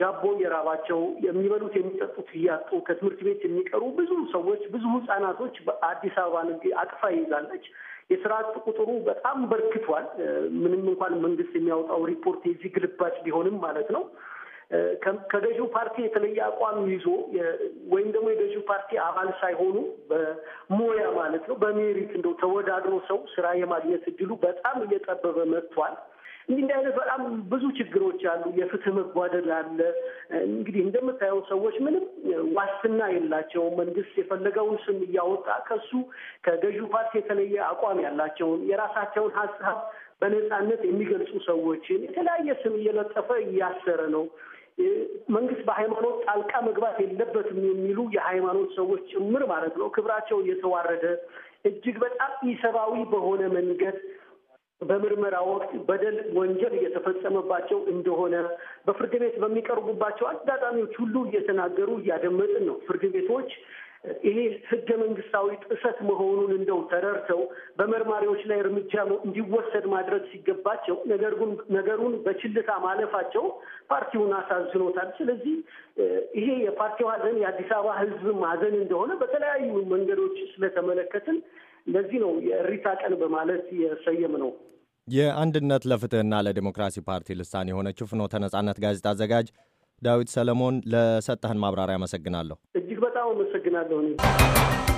ዳቦ እየራባቸው የሚበሉት የሚጠጡት እያጡ ከትምህርት ቤት የሚቀሩ ብዙ ሰዎች ብዙ ህጻናቶች በአዲስ አበባን አቅፋ ይዛለች። የስራ አጥ ቁጥሩ በጣም በርክቷል። ምንም እንኳን መንግስት የሚያወጣው ሪፖርት የዚህ ግልባጭ ቢሆንም ማለት ነው ከገዢው ፓርቲ የተለየ አቋም ይዞ ወይም ደግሞ የገዢው ፓርቲ አባል ሳይሆኑ በሞያ ማለት ነው በሜሪት እንደው ተወዳድሮ ሰው ስራ የማግኘት እድሉ በጣም እየጠበበ መጥቷል። እንዲህ አይነት በጣም ብዙ ችግሮች አሉ። የፍትህ መጓደል አለ። እንግዲህ እንደምታየው ሰዎች ምንም ዋስትና የላቸውም። መንግስት የፈለገውን ስም እያወጣ ከሱ ከገዢው ፓርቲ የተለየ አቋም ያላቸውን የራሳቸውን ሀሳብ በነፃነት የሚገልጹ ሰዎችን የተለያየ ስም እየለጠፈ እያሰረ ነው። መንግስት በሃይማኖት ጣልቃ መግባት የለበትም የሚሉ የሃይማኖት ሰዎች ጭምር ማለት ነው። ክብራቸው እየተዋረደ እጅግ በጣም ኢሰብአዊ በሆነ መንገድ በምርመራ ወቅት በደል፣ ወንጀል እየተፈጸመባቸው እንደሆነ በፍርድ ቤት በሚቀርቡባቸው አጋጣሚዎች ሁሉ እየተናገሩ እያደመጥን ነው። ፍርድ ቤቶች ይሄ ህገ መንግስታዊ ጥሰት መሆኑን እንደው ተረድተው በመርማሪዎች ላይ እርምጃ እንዲወሰድ ማድረግ ሲገባቸው ነገር ግን ነገሩን በችልታ ማለፋቸው ፓርቲውን አሳዝኖታል። ስለዚህ ይሄ የፓርቲው ሀዘን የአዲስ አበባ ህዝብ ሀዘን እንደሆነ በተለያዩ መንገዶች ስለተመለከትን ለዚህ ነው የእሪታ ቀን በማለት የሰየም ነው። የአንድነት ለፍትህና ለዲሞክራሲ ፓርቲ ልሳን የሆነችው ፍኖተ ነጻነት ጋዜጣ አዘጋጅ ዳዊት ሰለሞን፣ ለሰጠህን ማብራሪያ አመሰግናለሁ። እጅግ በጣም አመሰግናለሁ።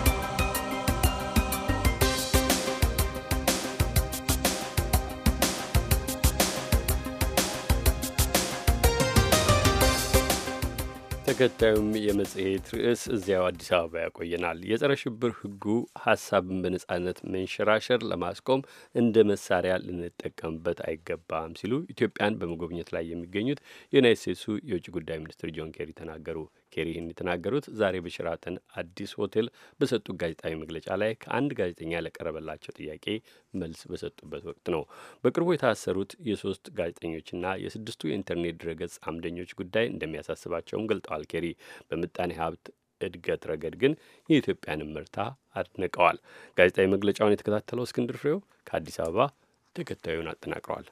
ተከታዩም የመጽሔት ርዕስ እዚያው አዲስ አበባ ያቆየናል። የጸረ ሽብር ሕጉ ሀሳብን በነጻነት መንሸራሸር ለማስቆም እንደ መሳሪያ ልንጠቀምበት አይገባም ሲሉ ኢትዮጵያን በመጎብኘት ላይ የሚገኙት የዩናይት ስቴትሱ የውጭ ጉዳይ ሚኒስትር ጆን ኬሪ ተናገሩ። ኬሪ ይህን የተናገሩት ዛሬ በሽራተን አዲስ ሆቴል በሰጡት ጋዜጣዊ መግለጫ ላይ ከአንድ ጋዜጠኛ ለቀረበላቸው ጥያቄ መልስ በሰጡበት ወቅት ነው። በቅርቡ የታሰሩት የሶስት ጋዜጠኞችና የስድስቱ የኢንተርኔት ድረገጽ አምደኞች ጉዳይ እንደሚያሳስባቸውም ገልጠዋል። ኬሪ በምጣኔ ሀብት እድገት ረገድ ግን የኢትዮጵያንም ምርታ አድንቀዋል። ጋዜጣዊ መግለጫውን የተከታተለው እስክንድር ፍሬው ከአዲስ አበባ ተከታዩን አጠናቅረዋል።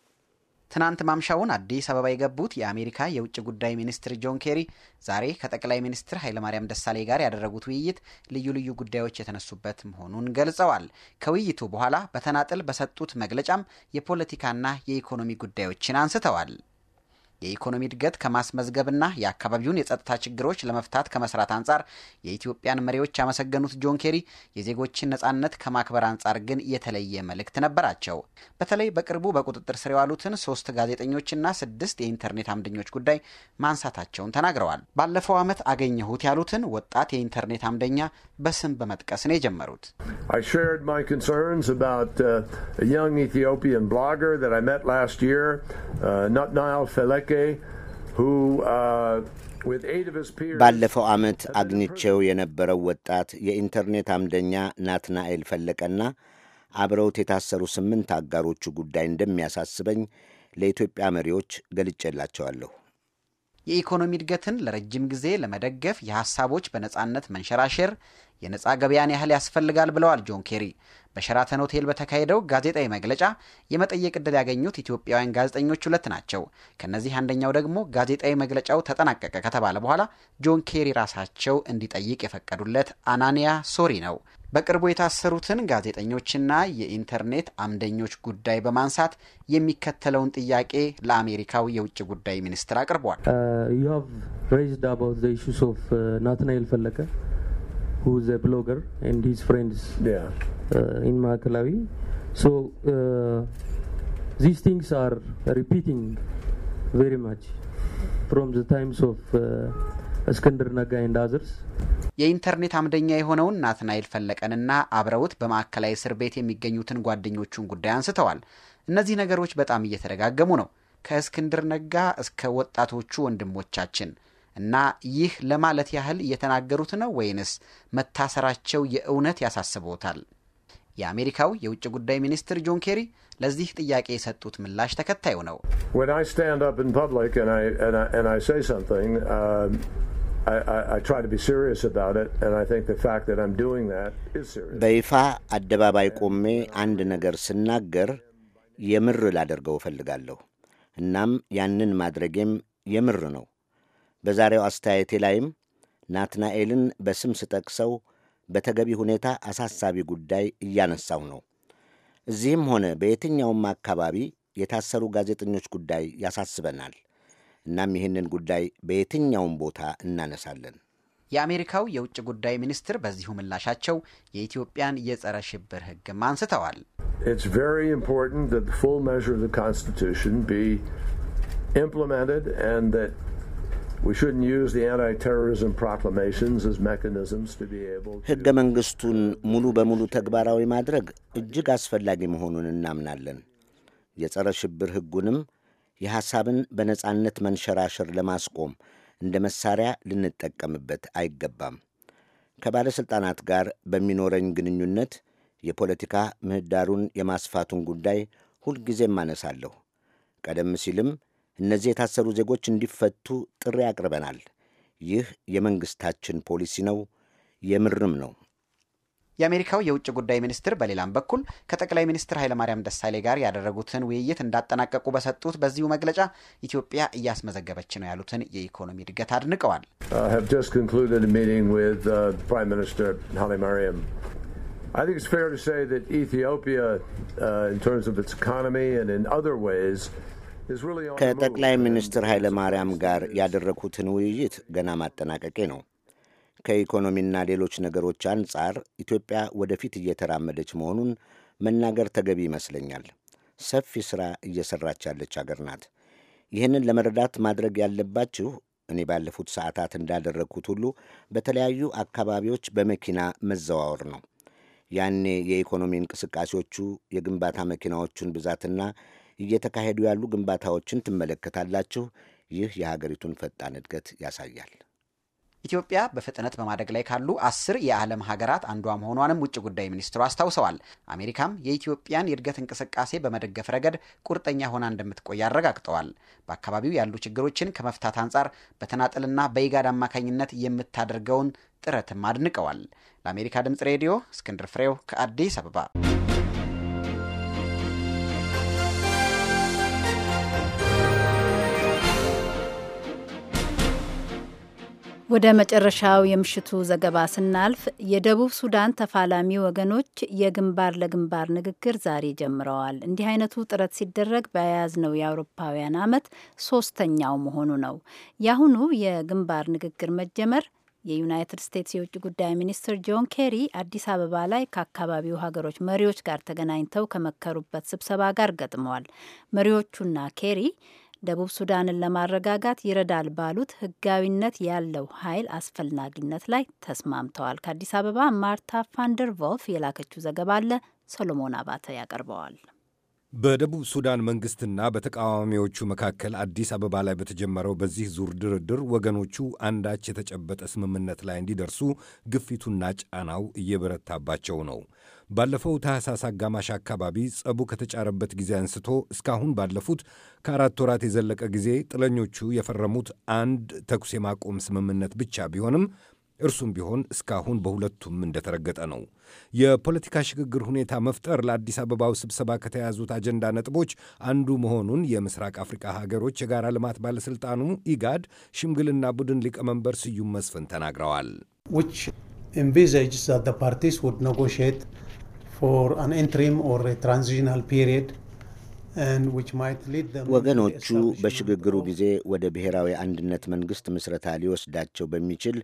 ትናንት ማምሻውን አዲስ አበባ የገቡት የአሜሪካ የውጭ ጉዳይ ሚኒስትር ጆን ኬሪ ዛሬ ከጠቅላይ ሚኒስትር ኃይለማርያም ደሳሌ ጋር ያደረጉት ውይይት ልዩ ልዩ ጉዳዮች የተነሱበት መሆኑን ገልጸዋል። ከውይይቱ በኋላ በተናጥል በሰጡት መግለጫም የፖለቲካና የኢኮኖሚ ጉዳዮችን አንስተዋል። የኢኮኖሚ እድገት ከማስመዝገብና የአካባቢውን የጸጥታ ችግሮች ለመፍታት ከመስራት አንጻር የኢትዮጵያን መሪዎች ያመሰገኑት ጆን ኬሪ የዜጎችን ነጻነት ከማክበር አንጻር ግን የተለየ መልእክት ነበራቸው። በተለይ በቅርቡ በቁጥጥር ስር የዋሉትን ሶስት ጋዜጠኞችና ስድስት የኢንተርኔት አምደኞች ጉዳይ ማንሳታቸውን ተናግረዋል። ባለፈው ዓመት አገኘሁት ያሉትን ወጣት የኢንተርኔት አምደኛ በስም በመጥቀስ ነው የጀመሩት። ዮንግ ኢትዮጵያን ብሎገር ት ይ Uh, ባለፈው ዓመት አግኝቼው የነበረው ወጣት የኢንተርኔት አምደኛ ናትናኤል ፈለቀና አብረውት የታሰሩ ስምንት አጋሮቹ ጉዳይ እንደሚያሳስበኝ ለኢትዮጵያ መሪዎች ገልጬላቸዋለሁ። የኢኮኖሚ እድገትን ለረጅም ጊዜ ለመደገፍ የሀሳቦች በነጻነት መንሸራሸር የነጻ ገበያን ያህል ያስፈልጋል ብለዋል ጆን ኬሪ። በሸራተን ሆቴል በተካሄደው ጋዜጣዊ መግለጫ የመጠየቅ ዕድል ያገኙት ኢትዮጵያውያን ጋዜጠኞች ሁለት ናቸው። ከእነዚህ አንደኛው ደግሞ ጋዜጣዊ መግለጫው ተጠናቀቀ ከተባለ በኋላ ጆን ኬሪ ራሳቸው እንዲጠይቅ የፈቀዱለት አናንያ ሶሪ ነው። በቅርቡ የታሰሩትን ጋዜጠኞችና የኢንተርኔት አምደኞች ጉዳይ በማንሳት የሚከተለውን ጥያቄ ለአሜሪካው የውጭ ጉዳይ ሚኒስትር አቅርቧል። ናትናኤል ፈለቀ ብሎገር Uh, in Maekelawi. So uh, these things are repeating very much from the times of እስክንድር uh, ነጋ and others. የኢንተርኔት አምደኛ የሆነውን ናትናኤል ፈለቀንና አብረውት በማዕከላዊ እስር ቤት የሚገኙትን ጓደኞቹን ጉዳይ አንስተዋል። እነዚህ ነገሮች በጣም እየተደጋገሙ ነው፣ ከእስክንድር ነጋ እስከ ወጣቶቹ ወንድሞቻችን እና ይህ ለማለት ያህል እየተናገሩት ነው ወይንስ መታሰራቸው የእውነት ያሳስበውታል። የአሜሪካው የውጭ ጉዳይ ሚኒስትር ጆን ኬሪ ለዚህ ጥያቄ የሰጡት ምላሽ ተከታዩ ነው። በይፋ አደባባይ ቆሜ አንድ ነገር ስናገር የምር ላደርገው እፈልጋለሁ። እናም ያንን ማድረጌም የምር ነው። በዛሬው አስተያየቴ ላይም ናትናኤልን በስም ስጠቅሰው በተገቢ ሁኔታ አሳሳቢ ጉዳይ እያነሳው ነው። እዚህም ሆነ በየትኛውም አካባቢ የታሰሩ ጋዜጠኞች ጉዳይ ያሳስበናል። እናም ይህንን ጉዳይ በየትኛውም ቦታ እናነሳለን። የአሜሪካው የውጭ ጉዳይ ሚኒስትር በዚሁ ምላሻቸው የኢትዮጵያን የጸረ ሽብር ሕግም አንስተዋል። ሕገ መንግሥቱን ሙሉ በሙሉ ተግባራዊ ማድረግ እጅግ አስፈላጊ መሆኑን እናምናለን። የጸረ ሽብር ሕጉንም የሐሳብን በነጻነት መንሸራሸር ለማስቆም እንደ መሣሪያ ልንጠቀምበት አይገባም። ከባለሥልጣናት ጋር በሚኖረኝ ግንኙነት የፖለቲካ ምህዳሩን የማስፋቱን ጉዳይ ሁልጊዜም አነሳለሁ። ቀደም ሲልም እነዚህ የታሰሩ ዜጎች እንዲፈቱ ጥሪ አቅርበናል። ይህ የመንግሥታችን ፖሊሲ ነው፣ የምርም ነው። የአሜሪካው የውጭ ጉዳይ ሚኒስትር በሌላም በኩል ከጠቅላይ ሚኒስትር ኃይለማርያም ደሳሌ ጋር ያደረጉትን ውይይት እንዳጠናቀቁ በሰጡት በዚሁ መግለጫ ኢትዮጵያ እያስመዘገበች ነው ያሉትን የኢኮኖሚ እድገት አድንቀዋል። I uh, think it's fair ከጠቅላይ ሚኒስትር ኃይለ ማርያም ጋር ያደረግሁትን ውይይት ገና ማጠናቀቄ ነው። ከኢኮኖሚና ሌሎች ነገሮች አንጻር ኢትዮጵያ ወደፊት እየተራመደች መሆኑን መናገር ተገቢ ይመስለኛል። ሰፊ ሥራ እየሠራች ያለች አገር ናት። ይህንን ለመረዳት ማድረግ ያለባችሁ እኔ ባለፉት ሰዓታት እንዳደረግሁት ሁሉ በተለያዩ አካባቢዎች በመኪና መዘዋወር ነው። ያኔ የኢኮኖሚ እንቅስቃሴዎቹ የግንባታ መኪናዎቹን ብዛትና እየተካሄዱ ያሉ ግንባታዎችን ትመለከታላችሁ። ይህ የሀገሪቱን ፈጣን እድገት ያሳያል። ኢትዮጵያ በፍጥነት በማደግ ላይ ካሉ አስር የዓለም ሀገራት አንዷ መሆኗንም ውጭ ጉዳይ ሚኒስትሩ አስታውሰዋል። አሜሪካም የኢትዮጵያን የእድገት እንቅስቃሴ በመደገፍ ረገድ ቁርጠኛ ሆና እንደምትቆይ አረጋግጠዋል። በአካባቢው ያሉ ችግሮችን ከመፍታት አንጻር በተናጠልና በኢጋድ አማካኝነት የምታደርገውን ጥረትም አድንቀዋል። ለአሜሪካ ድምፅ ሬዲዮ እስክንድር ፍሬው ከአዲስ አበባ ወደ መጨረሻው የምሽቱ ዘገባ ስናልፍ የደቡብ ሱዳን ተፋላሚ ወገኖች የግንባር ለግንባር ንግግር ዛሬ ጀምረዋል። እንዲህ አይነቱ ጥረት ሲደረግ በያዝነው የአውሮፓውያን ዓመት ሶስተኛው መሆኑ ነው። የአሁኑ የግንባር ንግግር መጀመር የዩናይትድ ስቴትስ የውጭ ጉዳይ ሚኒስትር ጆን ኬሪ አዲስ አበባ ላይ ከአካባቢው ሀገሮች መሪዎች ጋር ተገናኝተው ከመከሩበት ስብሰባ ጋር ገጥመዋል። መሪዎቹና ኬሪ ደቡብ ሱዳንን ለማረጋጋት ይረዳል ባሉት ሕጋዊነት ያለው ኃይል አስፈላጊነት ላይ ተስማምተዋል። ከአዲስ አበባ ማርታ ፋንደር ቮልፍ የላከችው ዘገባ አለ። ሰሎሞን አባተ ያቀርበዋል። በደቡብ ሱዳን መንግስትና በተቃዋሚዎቹ መካከል አዲስ አበባ ላይ በተጀመረው በዚህ ዙር ድርድር ወገኖቹ አንዳች የተጨበጠ ስምምነት ላይ እንዲደርሱ ግፊቱና ጫናው እየበረታባቸው ነው። ባለፈው ታህሳስ አጋማሽ አካባቢ ጸቡ ከተጫረበት ጊዜ አንስቶ እስካሁን ባለፉት ከአራት ወራት የዘለቀ ጊዜ ጥለኞቹ የፈረሙት አንድ ተኩስ የማቆም ስምምነት ብቻ ቢሆንም እርሱም ቢሆን እስካሁን በሁለቱም እንደተረገጠ ነው። የፖለቲካ ሽግግር ሁኔታ መፍጠር ለአዲስ አበባው ስብሰባ ከተያዙት አጀንዳ ነጥቦች አንዱ መሆኑን የምስራቅ አፍሪካ ሀገሮች የጋራ ልማት ባለሥልጣኑ ኢጋድ ሽምግልና ቡድን ሊቀመንበር ስዩም መስፍን ተናግረዋል። ወገኖቹ በሽግግሩ ጊዜ ወደ ብሔራዊ አንድነት መንግሥት ምስረታ ሊወስዳቸው በሚችል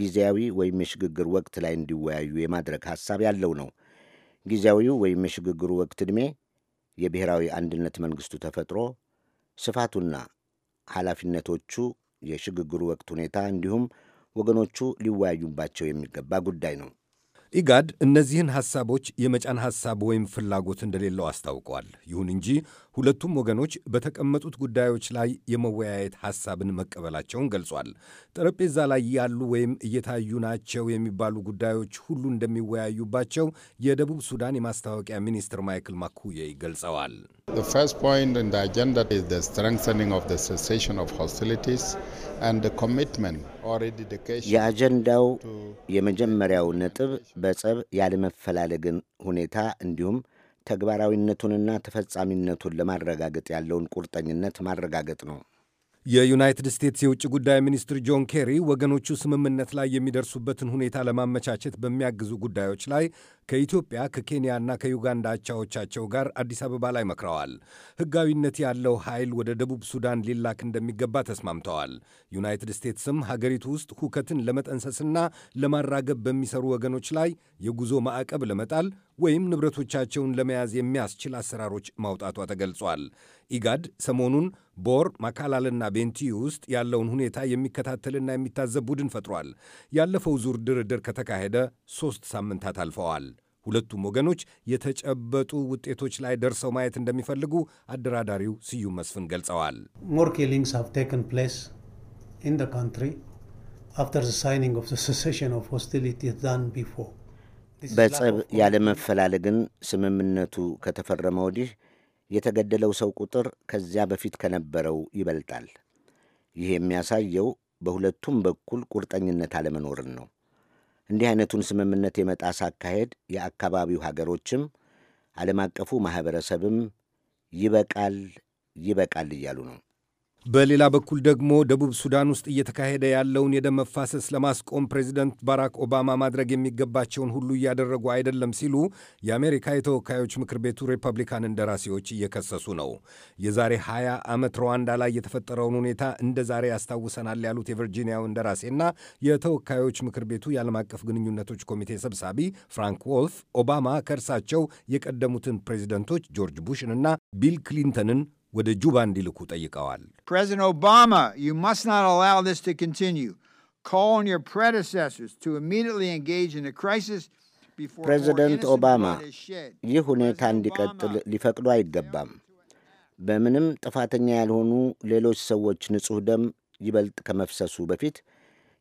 ጊዜያዊ ወይም የሽግግር ወቅት ላይ እንዲወያዩ የማድረግ ሐሳብ ያለው ነው። ጊዜያዊው ወይም የሽግግሩ ወቅት ዕድሜ የብሔራዊ አንድነት መንግሥቱ ተፈጥሮ፣ ስፋቱና ኃላፊነቶቹ፣ የሽግግሩ ወቅት ሁኔታ እንዲሁም ወገኖቹ ሊወያዩባቸው የሚገባ ጉዳይ ነው። ኢጋድ እነዚህን ሐሳቦች የመጫን ሐሳብ ወይም ፍላጎት እንደሌለው አስታውቀዋል። ይሁን እንጂ ሁለቱም ወገኖች በተቀመጡት ጉዳዮች ላይ የመወያየት ሐሳብን መቀበላቸውን ገልጿል። ጠረጴዛ ላይ ያሉ ወይም እየታዩ ናቸው የሚባሉ ጉዳዮች ሁሉ እንደሚወያዩባቸው የደቡብ ሱዳን የማስታወቂያ ሚኒስትር ማይክል ማኩዬ ገልጸዋል። ስ የአጀንዳው የመጀመሪያው ነጥብ በጸብ ያለመፈላለግን ሁኔታ እንዲሁም ተግባራዊነቱንና ተፈጻሚነቱን ለማረጋገጥ ያለውን ቁርጠኝነት ማረጋገጥ ነው። የዩናይትድ ስቴትስ የውጭ ጉዳይ ሚኒስትር ጆን ኬሪ ወገኖቹ ስምምነት ላይ የሚደርሱበትን ሁኔታ ለማመቻቸት በሚያግዙ ጉዳዮች ላይ ከኢትዮጵያ ከኬንያና ከዩጋንዳ አቻዎቻቸው ጋር አዲስ አበባ ላይ መክረዋል። ሕጋዊነት ያለው ኃይል ወደ ደቡብ ሱዳን ሊላክ እንደሚገባ ተስማምተዋል። ዩናይትድ ስቴትስም ሀገሪቱ ውስጥ ሁከትን ለመጠንሰስና ለማራገብ በሚሰሩ ወገኖች ላይ የጉዞ ማዕቀብ ለመጣል ወይም ንብረቶቻቸውን ለመያዝ የሚያስችል አሰራሮች ማውጣቷ ተገልጿል። ኢጋድ ሰሞኑን ቦር፣ ማካላልና ቤንቲ ውስጥ ያለውን ሁኔታ የሚከታተልና የሚታዘብ ቡድን ፈጥሯል። ያለፈው ዙር ድርድር ከተካሄደ ሦስት ሳምንታት አልፈዋል። ሁለቱም ወገኖች የተጨበጡ ውጤቶች ላይ ደርሰው ማየት እንደሚፈልጉ አደራዳሪው ስዩም መስፍን ገልጸዋል። በጸብ ያለመፈላለግን ስምምነቱ ከተፈረመ ወዲህ የተገደለው ሰው ቁጥር ከዚያ በፊት ከነበረው ይበልጣል። ይህ የሚያሳየው በሁለቱም በኩል ቁርጠኝነት አለመኖርን ነው። እንዲህ አይነቱን ስምምነት የመጣስ አካሄድ የአካባቢው ሀገሮችም ዓለም አቀፉ ማኅበረሰብም ይበቃል ይበቃል እያሉ ነው። በሌላ በኩል ደግሞ ደቡብ ሱዳን ውስጥ እየተካሄደ ያለውን የደም መፋሰስ ለማስቆም ፕሬዚደንት ባራክ ኦባማ ማድረግ የሚገባቸውን ሁሉ እያደረጉ አይደለም ሲሉ የአሜሪካ የተወካዮች ምክር ቤቱ ሪፐብሊካን እንደራሴዎች እየከሰሱ ነው። የዛሬ 20 ዓመት ሩዋንዳ ላይ የተፈጠረውን ሁኔታ እንደ ዛሬ ያስታውሰናል ያሉት የቨርጂኒያው እንደራሴና የተወካዮች ምክር ቤቱ የዓለም አቀፍ ግንኙነቶች ኮሚቴ ሰብሳቢ ፍራንክ ወልፍ ኦባማ ከእርሳቸው የቀደሙትን ፕሬዚደንቶች ጆርጅ ቡሽንና ቢል ክሊንተንን ወደ ጁባ እንዲልኩ ጠይቀዋል። ፕሬዚደንት ኦባማ ኦባማ ይህ ሁኔታ እንዲቀጥል ሊፈቅዱ አይገባም። በምንም ጥፋተኛ ያልሆኑ ሌሎች ሰዎች ንጹሕ ደም ይበልጥ ከመፍሰሱ በፊት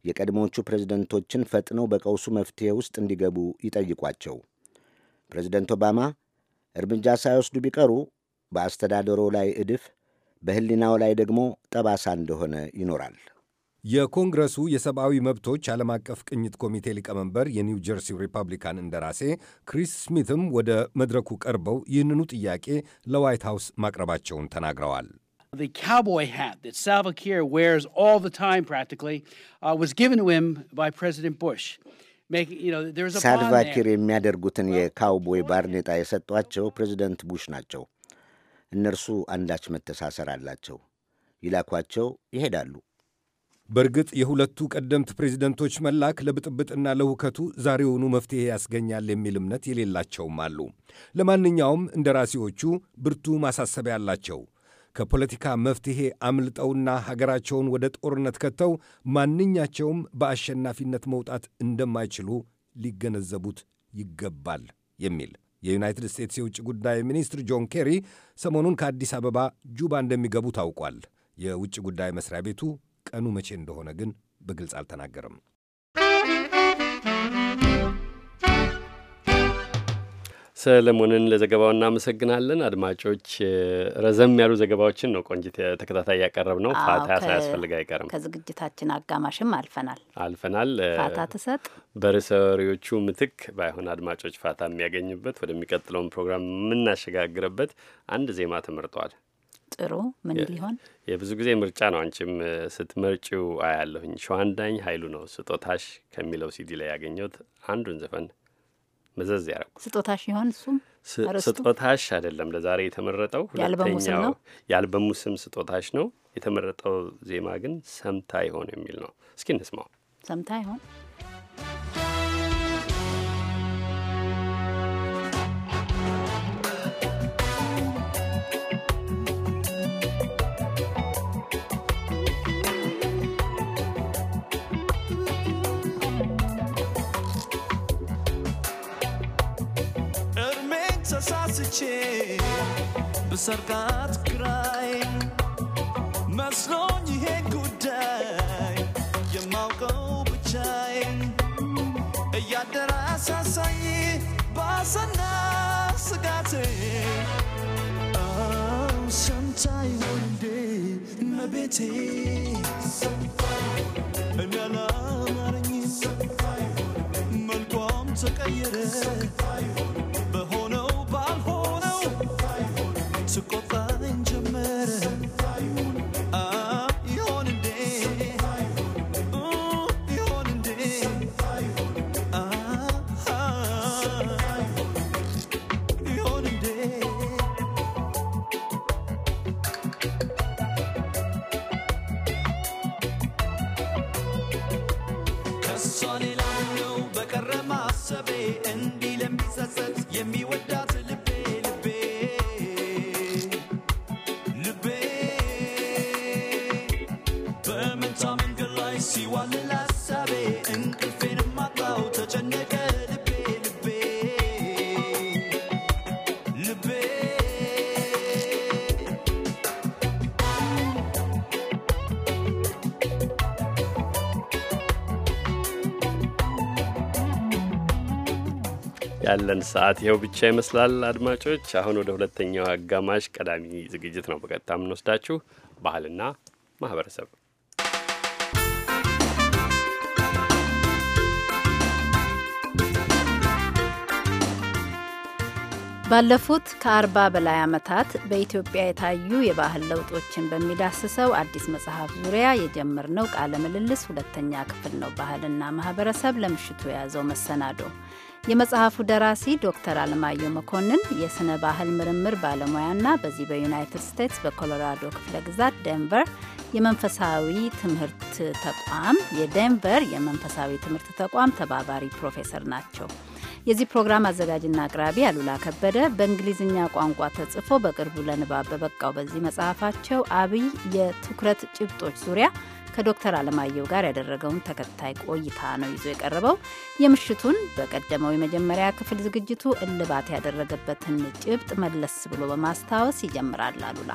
የቀድሞቹ ፕሬዝደንቶችን ፈጥነው በቀውሱ መፍትሔ ውስጥ እንዲገቡ ይጠይቋቸው። ፕሬዝደንት ኦባማ እርምጃ ሳይወስዱ ቢቀሩ በአስተዳደሩ ላይ እድፍ፣ በህሊናው ላይ ደግሞ ጠባሳ እንደሆነ ይኖራል። የኮንግረሱ የሰብአዊ መብቶች ዓለም አቀፍ ቅኝት ኮሚቴ ሊቀመንበር የኒው ጀርሲ ሪፐብሊካን እንደራሴ ክሪስ ስሚትም ወደ መድረኩ ቀርበው ይህንኑ ጥያቄ ለዋይት ሃውስ ማቅረባቸውን ተናግረዋል። ሳልቫኪር uh, የሚያደርጉትን የካውቦይ ባርኔጣ የሰጧቸው ፕሬዚደንት ቡሽ ናቸው። እነርሱ አንዳች መተሳሰር አላቸው። ይላኳቸው ይሄዳሉ። በእርግጥ የሁለቱ ቀደምት ፕሬዚደንቶች መላክ ለብጥብጥና ለውከቱ ዛሬውኑ መፍትሔ ያስገኛል የሚል እምነት የሌላቸውም አሉ። ለማንኛውም እንደራሴዎቹ ብርቱ ማሳሰቢያ አላቸው። ከፖለቲካ መፍትሔ አምልጠውና ሀገራቸውን ወደ ጦርነት ከተው ማንኛቸውም በአሸናፊነት መውጣት እንደማይችሉ ሊገነዘቡት ይገባል የሚል የዩናይትድ ስቴትስ የውጭ ጉዳይ ሚኒስትር ጆን ኬሪ ሰሞኑን ከአዲስ አበባ ጁባ እንደሚገቡ ታውቋል። የውጭ ጉዳይ መስሪያ ቤቱ ቀኑ መቼ እንደሆነ ግን በግልጽ አልተናገረም። ሰለሞንን ለዘገባው እናመሰግናለን። አድማጮች ረዘም ያሉ ዘገባዎችን ነው ቆንጂ ተከታታይ ያቀረብ ነው። ፋታ ሳያስፈልግ አይቀርም። ከዝግጅታችን አጋማሽም አልፈናል አልፈናል። ፋታ ትሰጥ በርዕሰ ወሬዎቹ ምትክ ባይሆን አድማጮች ፋታ የሚያገኙበት ወደሚቀጥለውን ፕሮግራም የምናሸጋግርበት አንድ ዜማ ተመርጧል። ጥሩ ምን ሊሆን የብዙ ጊዜ ምርጫ ነው። አንቺም ስትመርጪው አያለሁኝ። ሸዋንዳኝ ሀይሉ ነው ስጦታሽ ከሚለው ሲዲ ላይ ያገኘሁት አንዱን ዘፈን መዘዝ ያደረጉ ስጦታሽ ይሆን እሱም ስጦታሽ አይደለም። ለዛሬ የተመረጠው ሁለተኛው የአልበሙ ስም ስጦታሽ ነው። የተመረጠው ዜማ ግን ሰምታ ይሆን የሚል ነው። እስኪ እንስማው። ሰምታ ይሆን ሰርቼ በሰርቃት ግራይ መስሎኝ ይሄ ጉዳይ የማውቀው ብቻይ እያደረ አሳሳይ ባሰና ስጋቴ ሰምታይ ወንዴ መቤቴ እኔ አላማረኝም መልኳም ተቀየረ ያለን ሰዓት ይኸው ብቻ ይመስላል። አድማጮች፣ አሁን ወደ ሁለተኛው አጋማሽ ቀዳሚ ዝግጅት ነው በቀጥታ የምንወስዳችሁ ባህልና ማህበረሰብ ባለፉት ከአርባ በላይ ዓመታት በኢትዮጵያ የታዩ የባህል ለውጦችን በሚዳስሰው አዲስ መጽሐፍ ዙሪያ የጀመርነው ቃለ ምልልስ ሁለተኛ ክፍል ነው። ባህልና ማህበረሰብ ለምሽቱ የያዘው መሰናዶ የመጽሐፉ ደራሲ ዶክተር አለማየሁ መኮንን የሥነ ባህል ምርምር ባለሙያና በዚህ በዩናይትድ ስቴትስ በኮሎራዶ ክፍለ ግዛት ደንቨር የመንፈሳዊ ትምህርት ተቋም የደንቨር የመንፈሳዊ ትምህርት ተቋም ተባባሪ ፕሮፌሰር ናቸው። የዚህ ፕሮግራም አዘጋጅና አቅራቢ አሉላ ከበደ በእንግሊዝኛ ቋንቋ ተጽፎ በቅርቡ ለንባብ በበቃው በዚህ መጽሐፋቸው አብይ የትኩረት ጭብጦች ዙሪያ ከዶክተር አለማየሁ ጋር ያደረገውን ተከታይ ቆይታ ነው ይዞ የቀረበው። የምሽቱን በቀደመው የመጀመሪያ ክፍል ዝግጅቱ እልባት ያደረገበትን ጭብጥ መለስ ብሎ በማስታወስ ይጀምራል አሉላ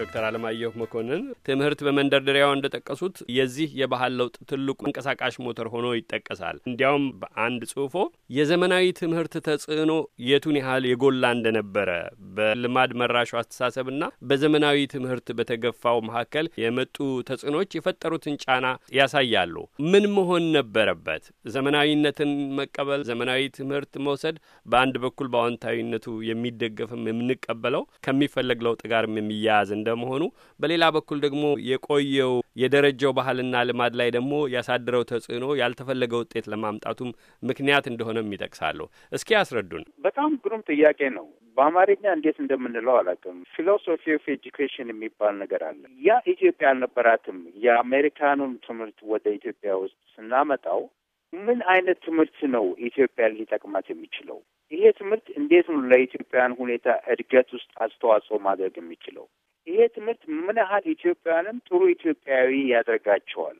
ዶክተር አለማየሁ መኮንን ትምህርት በመንደርደሪያው እንደጠቀሱት የዚህ የባህል ለውጥ ትልቁ እንቀሳቃሽ ሞተር ሆኖ ይጠቀሳል። እንዲያውም በአንድ ጽሁፎ የዘመናዊ ትምህርት ተጽዕኖ የቱን ያህል የጎላ እንደነበረ በልማድ መራሹ አስተሳሰብና በዘመናዊ ትምህርት በተገፋው መካከል የመጡ ተጽዕኖች የፈጠሩትን ጫና ያሳያሉ። ምን መሆን ነበረበት? ዘመናዊነትን መቀበል፣ ዘመናዊ ትምህርት መውሰድ በአንድ በኩል በአዎንታዊነቱ የሚደገፍም የምንቀበለው ከሚፈለግ ለውጥ ጋርም የሚያያዝ እንደመሆኑ፣ በሌላ በኩል ደግሞ የቆየው የደረጃው ባህልና ልማድ ላይ ደግሞ ያሳድረው ተጽዕኖ ያልተፈለገ ውጤት ለማምጣቱም ምክንያት እንደሆነም ይጠቅሳሉ። እስኪ ያስረዱን። በጣም ግሩም ጥያቄ ነው። በአማርኛ እንዴት እንደምንለው አላውቅም። ፊሎሶፊ ኦፍ ኤጁኬሽን የሚባል ነገር አለ። ያ ኢትዮጵያ አልነበራትም። የአሜሪካኑን ትምህርት ወደ ኢትዮጵያ ውስጥ ስናመጣው ምን አይነት ትምህርት ነው ኢትዮጵያ ሊጠቅማት የሚችለው? ይሄ ትምህርት እንዴት ነው ለኢትዮጵያን ሁኔታ እድገት ውስጥ አስተዋጽኦ ማድረግ የሚችለው? ይሄ ትምህርት ምን ያህል ኢትዮጵያውያንን ጥሩ ኢትዮጵያዊ ያደርጋቸዋል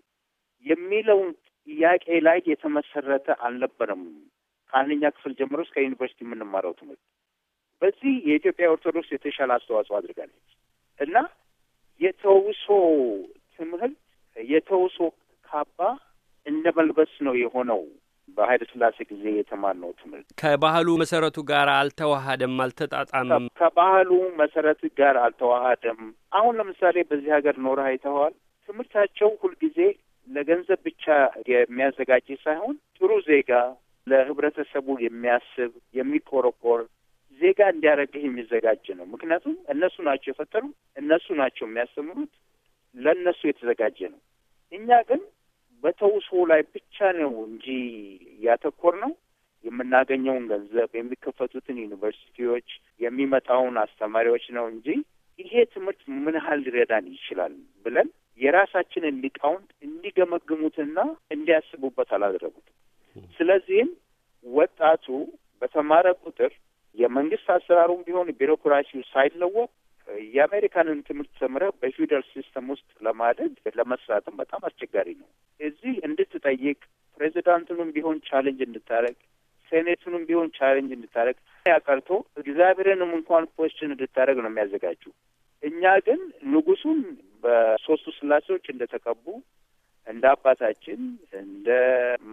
የሚለውን ጥያቄ ላይ የተመሰረተ አልነበረም። ከአንደኛ ክፍል ጀምሮ እስከ ዩኒቨርሲቲ የምንማረው ትምህርት በዚህ የኢትዮጵያ ኦርቶዶክስ የተሻለ አስተዋጽኦ አድርጋለች እና የተውሶ ትምህርት የተውሶ ካባ እንደ መልበስ ነው የሆነው በኃይለ ስላሴ ጊዜ የተማርነው ትምህርት ከባህሉ መሰረቱ ጋር አልተዋሃደም፣ አልተጣጣምም። ከባህሉ መሰረት ጋር አልተዋሃደም። አሁን ለምሳሌ በዚህ ሀገር ኖረህ አይተኸዋል። ትምህርታቸው ሁልጊዜ ለገንዘብ ብቻ የሚያዘጋጅ ሳይሆን ጥሩ ዜጋ፣ ለህብረተሰቡ የሚያስብ የሚቆረቆር ዜጋ እንዲያደርግህ የሚዘጋጅ ነው። ምክንያቱም እነሱ ናቸው የፈጠሩ እነሱ ናቸው የሚያስተምሩት፣ ለእነሱ የተዘጋጀ ነው። እኛ ግን በተውሶ ላይ ብቻ ነው እንጂ ያተኮር ነው የምናገኘውን ገንዘብ የሚከፈቱትን ዩኒቨርሲቲዎች የሚመጣውን አስተማሪዎች ነው እንጂ ይሄ ትምህርት ምን ያህል ሊረዳን ይችላል ብለን የራሳችንን ሊቃውንት እንዲገመግሙትና እንዲያስቡበት አላደረጉትም። ስለዚህም ወጣቱ በተማረ ቁጥር የመንግስት አሰራሩም ቢሆን ቢሮክራሲው ሳይለወቅ የአሜሪካንን ትምህርት ተምረ በፊደራል ሲስተም ውስጥ ለማደግ ለመስራትም በጣም አስቸጋሪ ነው። እዚህ እንድትጠይቅ ፕሬዚዳንቱንም ቢሆን ቻሌንጅ እንድታደረግ ሴኔቱንም ቢሆን ቻሌንጅ እንድታደረግ ያቀርቶ እግዚአብሔርንም እንኳን ኮስችን እንድታደረግ ነው የሚያዘጋጁ። እኛ ግን ንጉሱን በሶስቱ ስላሴዎች እንደተቀቡ እንደ አባታችን እንደ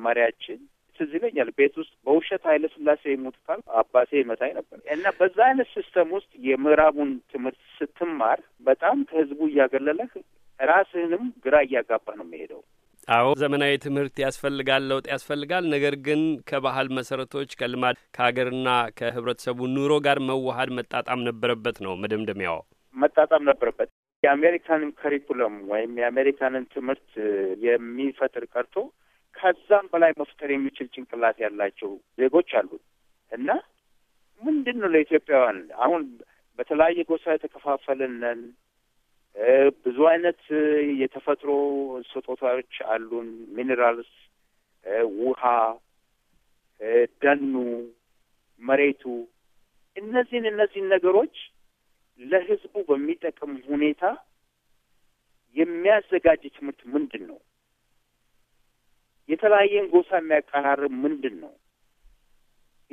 መሪያችን ትዝ ይለኛል ቤት ውስጥ በውሸት ኃይለ ስላሴ ይሙትታል አባቴ ይመታኝ ነበር እና በዛ አይነት ሲስተም ውስጥ የምዕራቡን ትምህርት ስትማር በጣም ከህዝቡ እያገለለህ ራስህንም ግራ እያጋባ ነው የሚሄደው። አዎ ዘመናዊ ትምህርት ያስፈልጋል፣ ለውጥ ያስፈልጋል። ነገር ግን ከባህል መሰረቶች፣ ከልማድ፣ ከሀገርና ከህብረተሰቡ ኑሮ ጋር መዋሀድ መጣጣም ነበረበት ነው መደምደሚያው። መጣጣም ነበረበት። የአሜሪካንን ከሪኩለም ወይም የአሜሪካንን ትምህርት የሚፈጥር ቀርቶ ከዛም በላይ መፍጠር የሚችል ጭንቅላት ያላቸው ዜጎች አሉ እና ምንድን ነው ለኢትዮጵያውያን አሁን በተለያየ ጎሳ የተከፋፈልን ብዙ አይነት የተፈጥሮ ስጦታዎች አሉን። ሚኔራልስ፣ ውሃ፣ ደኑ፣ መሬቱ እነዚህን እነዚህን ነገሮች ለህዝቡ በሚጠቅም ሁኔታ የሚያዘጋጅ ትምህርት ምንድን ነው? የተለያየን ጎሳ የሚያቀራርብ ምንድን ነው?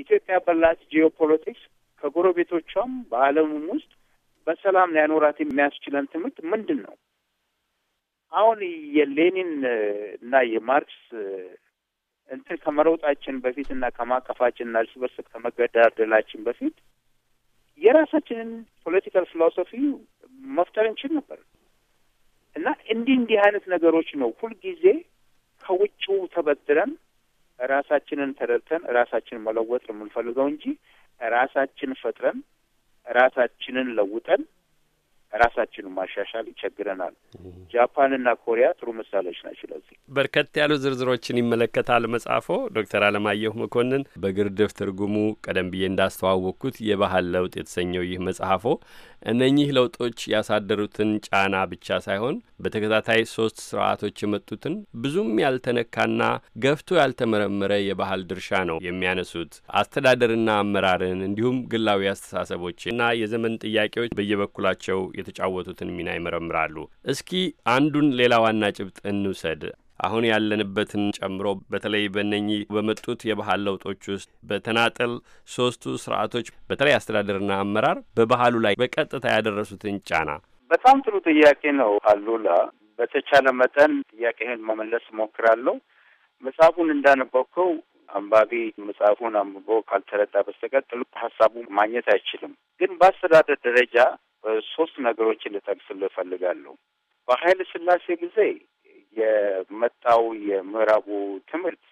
ኢትዮጵያ ባላት ጂኦፖለቲክስ ከጎረቤቶቿም በዓለምም ውስጥ በሰላም ሊያኖራት የሚያስችለን ትምህርት ምንድን ነው? አሁን የሌኒን እና የማርክስ እንትን ከመረውጣችን በፊት እና ከማቀፋችን እና እርስ በርስ ከመገዳደላችን በፊት የራሳችንን ፖለቲካል ፊሎሶፊ መፍጠር እንችል ነበር እና እንዲህ እንዲህ አይነት ነገሮች ነው ሁልጊዜ ከውጭ ተበድረን ራሳችንን ተረድተን ራሳችንን መለወጥ የምንፈልገው እንጂ ራሳችን ፈጥረን ራሳችንን ለውጠን ራሳችንን ማሻሻል ይቸግረናል። ጃፓንና ኮሪያ ጥሩ ምሳሌዎች ናቸው ለዚህ። በርከት ያሉ ዝርዝሮችን ይመለከታል መጽሐፎ። ዶክተር አለማየሁ መኮንን በግርድፍ ትርጉሙ ቀደም ብዬ እንዳስተዋወቅኩት የባህል ለውጥ የተሰኘው ይህ መጽሐፎ እነኚህ ለውጦች ያሳደሩትን ጫና ብቻ ሳይሆን በተከታታይ ሶስት ስርዓቶች የመጡትን ብዙም ያልተነካና ገፍቶ ያልተመረመረ የባህል ድርሻ ነው የሚያነሱት። አስተዳደርና አመራርን እንዲሁም ግላዊ እና የዘመን ጥያቄዎች በየበኩላቸው የተጫወቱትን ሚና ይመረምራሉ። እስኪ አንዱን ሌላ ዋና ጭብጥ እንውሰድ። አሁን ያለንበትን ጨምሮ በተለይ በእነኚህ በመጡት የባህል ለውጦች ውስጥ በተናጠል ሶስቱ ስርዓቶች በተለይ አስተዳደርና አመራር በባህሉ ላይ በቀጥታ ያደረሱትን ጫና። በጣም ጥሩ ጥያቄ ነው አሉላ። በተቻለ መጠን ጥያቄህን መመለስ እሞክራለሁ። መጽሐፉን እንዳነበብከው አንባቢ መጽሐፉን አንብቦ ካልተረዳ በስተቀር ጥልቅ ሀሳቡ ማግኘት አይችልም። ግን በአስተዳደር ደረጃ ሶስት ነገሮችን ልጠቅስልህ እፈልጋለሁ። በኃይለ ሥላሴ ጊዜ የመጣው የምዕራቡ ትምህርት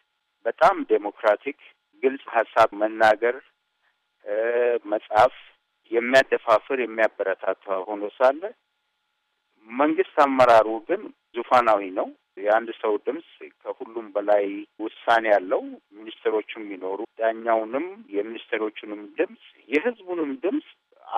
በጣም ዴሞክራቲክ፣ ግልጽ ሀሳብ መናገር፣ መጻፍ የሚያደፋፍር የሚያበረታታ ሆኖ ሳለ መንግስት አመራሩ ግን ዙፋናዊ ነው። የአንድ ሰው ድምፅ ከሁሉም በላይ ውሳኔ ያለው ሚኒስትሮቹም ይኖሩ ዳኛውንም የሚኒስትሮቹንም ድምፅ የህዝቡንም ድምፅ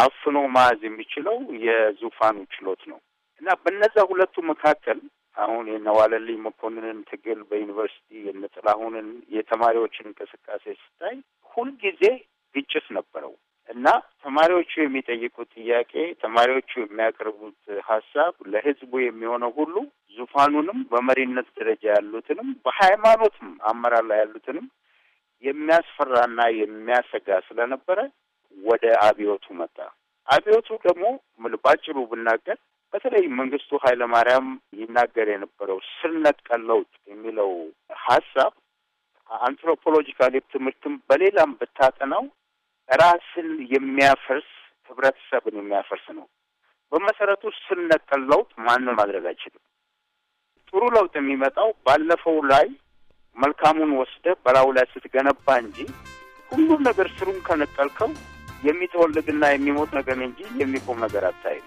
አፍኖ መያዝ የሚችለው የዙፋኑ ችሎት ነው እና በነዛ ሁለቱ መካከል አሁን የነዋለልኝ መኮንንን ትግል በዩኒቨርሲቲ የነጥላሁንን የተማሪዎችን እንቅስቃሴ ስታይ ሁልጊዜ ግጭት ነበረው እና ተማሪዎቹ የሚጠይቁት ጥያቄ፣ ተማሪዎቹ የሚያቀርቡት ሀሳብ ለህዝቡ የሚሆነው ሁሉ ዙፋኑንም በመሪነት ደረጃ ያሉትንም በሃይማኖትም አመራር ላይ ያሉትንም የሚያስፈራና የሚያሰጋ ስለነበረ ወደ አብዮቱ መጣ። አብዮቱ ደግሞ ባጭሩ ብናገር በተለይ መንግስቱ ኃይለማርያም ይናገር የነበረው ስር ነቀል ለውጥ የሚለው ሀሳብ አንትሮፖሎጂካል ትምህርትም በሌላም ብታጠናው ራስን የሚያፈርስ ህብረተሰብን የሚያፈርስ ነው። በመሰረቱ ስር ነቀል ለውጥ ማንም ማድረግ አይችልም። ጥሩ ለውጥ የሚመጣው ባለፈው ላይ መልካሙን ወስደህ በላዩ ላይ ስትገነባ እንጂ ሁሉም ነገር ስሩን ከነቀልከው የሚተወልድና የሚሞት ነገር እንጂ የሚቆም ነገር አታይም።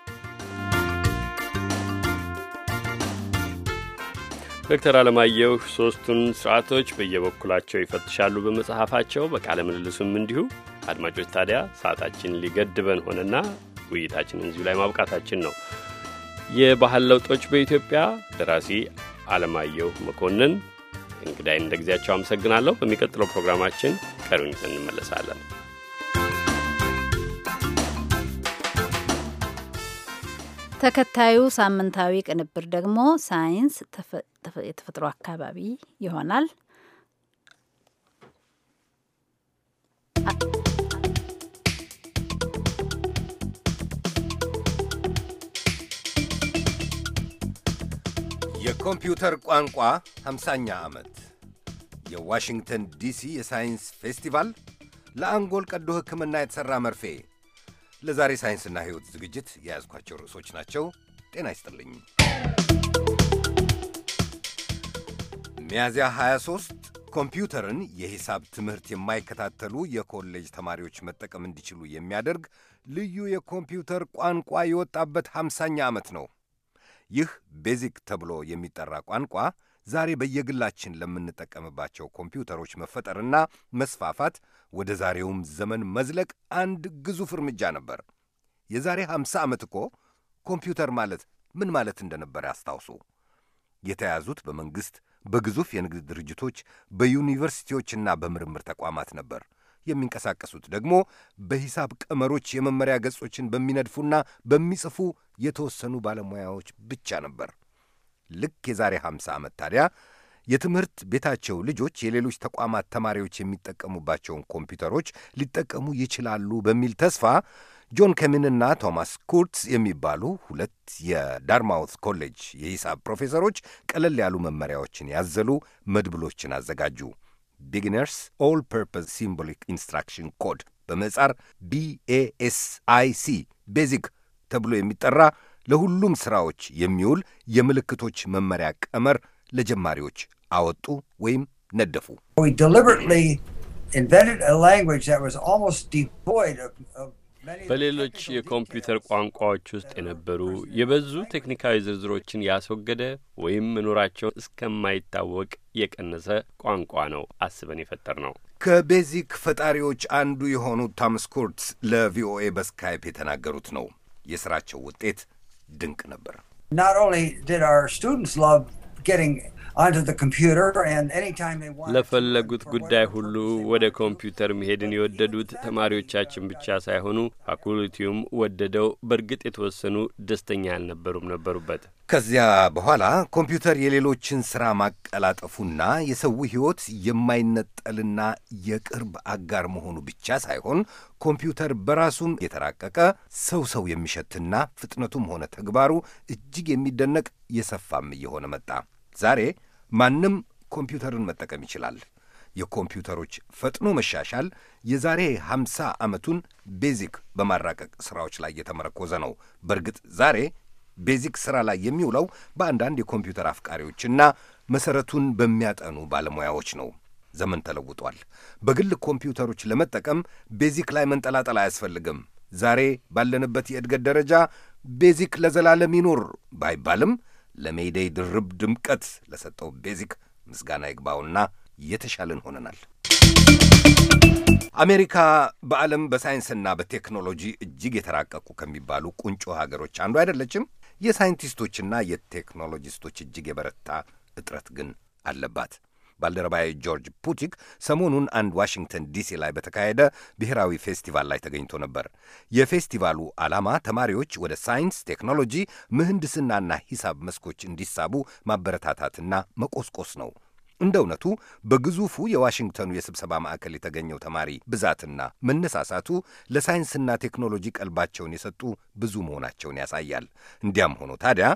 ዶክተር አለማየሁ ሶስቱን ስርዓቶች በየበኩላቸው ይፈትሻሉ በመጽሐፋቸው በቃለ ምልልሱም እንዲሁ። አድማጮች ታዲያ ሰዓታችን ሊገድበን ሆነና ውይይታችን እዚሁ ላይ ማብቃታችን ነው። የባህል ለውጦች በኢትዮጵያ ደራሲ አለማየሁ መኮንን እንግዳይ እንደ ጊዜያቸው አመሰግናለሁ። በሚቀጥለው ፕሮግራማችን ቀሩን ይዘን እንመለሳለን። ተከታዩ ሳምንታዊ ቅንብር ደግሞ ሳይንስ፣ የተፈጥሮ አካባቢ ይሆናል። የኮምፒውተር ቋንቋ 50ኛ ዓመት የዋሽንግተን ዲሲ የሳይንስ ፌስቲቫል ለአንጎል ቀዶ ሕክምና የተሠራ መርፌ ለዛሬ ሳይንስና ሕይወት ዝግጅት የያዝኳቸው ርዕሶች ናቸው። ጤና ይስጥልኝ። ሚያዝያ 23 ኮምፒውተርን የሂሳብ ትምህርት የማይከታተሉ የኮሌጅ ተማሪዎች መጠቀም እንዲችሉ የሚያደርግ ልዩ የኮምፒውተር ቋንቋ የወጣበት ሃምሳኛ ዓመት ነው። ይህ ቤዚክ ተብሎ የሚጠራ ቋንቋ ዛሬ በየግላችን ለምንጠቀምባቸው ኮምፒውተሮች መፈጠርና መስፋፋት ወደ ዛሬውም ዘመን መዝለቅ አንድ ግዙፍ እርምጃ ነበር። የዛሬ 50 ዓመት እኮ ኮምፒውተር ማለት ምን ማለት እንደነበር ያስታውሱ። የተያዙት በመንግሥት በግዙፍ የንግድ ድርጅቶች፣ በዩኒቨርሲቲዎችና በምርምር ተቋማት ነበር። የሚንቀሳቀሱት ደግሞ በሂሳብ ቀመሮች የመመሪያ ገጾችን በሚነድፉና በሚጽፉ የተወሰኑ ባለሙያዎች ብቻ ነበር። ልክ የዛሬ 50 ዓመት ታዲያ የትምህርት ቤታቸው ልጆች የሌሎች ተቋማት ተማሪዎች የሚጠቀሙባቸውን ኮምፒውተሮች ሊጠቀሙ ይችላሉ በሚል ተስፋ ጆን ከሚንና ቶማስ ኩርትስ የሚባሉ ሁለት የዳርማውት ኮሌጅ የሂሳብ ፕሮፌሰሮች ቀለል ያሉ መመሪያዎችን ያዘሉ መድብሎችን አዘጋጁ። ቢግነርስ ኦል ፐርፐዝ ሲምቦሊክ ኢንስትራክሽን ኮድ በመጻር ቢኤኤስአይሲ ቤዚክ ተብሎ የሚጠራ ለሁሉም ሥራዎች የሚውል የምልክቶች መመሪያ ቀመር ለጀማሪዎች አወጡ ወይም ነደፉ። በሌሎች የኮምፒውተር ቋንቋዎች ውስጥ የነበሩ የበዙ ቴክኒካዊ ዝርዝሮችን ያስወገደ ወይም መኖራቸውን እስከማይታወቅ የቀነሰ ቋንቋ ነው አስበን የፈጠር ነው። ከቤዚክ ፈጣሪዎች አንዱ የሆኑት ኩርትስ ለቪኦኤ በስካይፕ የተናገሩት ነው የሥራቸው ውጤት ድንቅ ነበር። Not only did our students love getting ለፈለጉት ጉዳይ ሁሉ ወደ ኮምፒውተር መሄድን የወደዱት ተማሪዎቻችን ብቻ ሳይሆኑ ፋኩልቲውም ወደደው። በእርግጥ የተወሰኑ ደስተኛ አልነበሩም ነበሩበት። ከዚያ በኋላ ኮምፒውተር የሌሎችን ሥራ ማቀላጠፉና የሰው ሕይወት የማይነጠልና የቅርብ አጋር መሆኑ ብቻ ሳይሆን ኮምፒውተር በራሱም የተራቀቀ ሰው ሰው የሚሸትና ፍጥነቱም ሆነ ተግባሩ እጅግ የሚደነቅ የሰፋም እየሆነ መጣ። ዛሬ ማንም ኮምፒውተርን መጠቀም ይችላል። የኮምፒውተሮች ፈጥኖ መሻሻል የዛሬ 50 ዓመቱን ቤዚክ በማራቀቅ ሥራዎች ላይ የተመረኮዘ ነው። በእርግጥ ዛሬ ቤዚክ ሥራ ላይ የሚውለው በአንዳንድ የኮምፒውተር አፍቃሪዎችና መሠረቱን በሚያጠኑ ባለሙያዎች ነው። ዘመን ተለውጧል። በግል ኮምፒውተሮች ለመጠቀም ቤዚክ ላይ መንጠላጠል አያስፈልግም። ዛሬ ባለንበት የእድገት ደረጃ ቤዚክ ለዘላለም ይኖር ባይባልም ለሜይዴይ ድርብ ድምቀት ለሰጠው ቤዚክ ምስጋና ይግባውና የተሻለን ሆነናል። አሜሪካ በዓለም በሳይንስና በቴክኖሎጂ እጅግ የተራቀቁ ከሚባሉ ቁንጮ ሀገሮች አንዱ አይደለችም። የሳይንቲስቶችና የቴክኖሎጂስቶች እጅግ የበረታ እጥረት ግን አለባት። ባልደረባዬ ጆርጅ ፑቲክ ሰሞኑን አንድ ዋሽንግተን ዲሲ ላይ በተካሄደ ብሔራዊ ፌስቲቫል ላይ ተገኝቶ ነበር። የፌስቲቫሉ ዓላማ ተማሪዎች ወደ ሳይንስ፣ ቴክኖሎጂ፣ ምህንድስናና ሂሳብ መስኮች እንዲሳቡ ማበረታታትና መቆስቆስ ነው። እንደ እውነቱ በግዙፉ የዋሽንግተኑ የስብሰባ ማዕከል የተገኘው ተማሪ ብዛትና መነሳሳቱ ለሳይንስና ቴክኖሎጂ ቀልባቸውን የሰጡ ብዙ መሆናቸውን ያሳያል። እንዲያም ሆኖ ታዲያ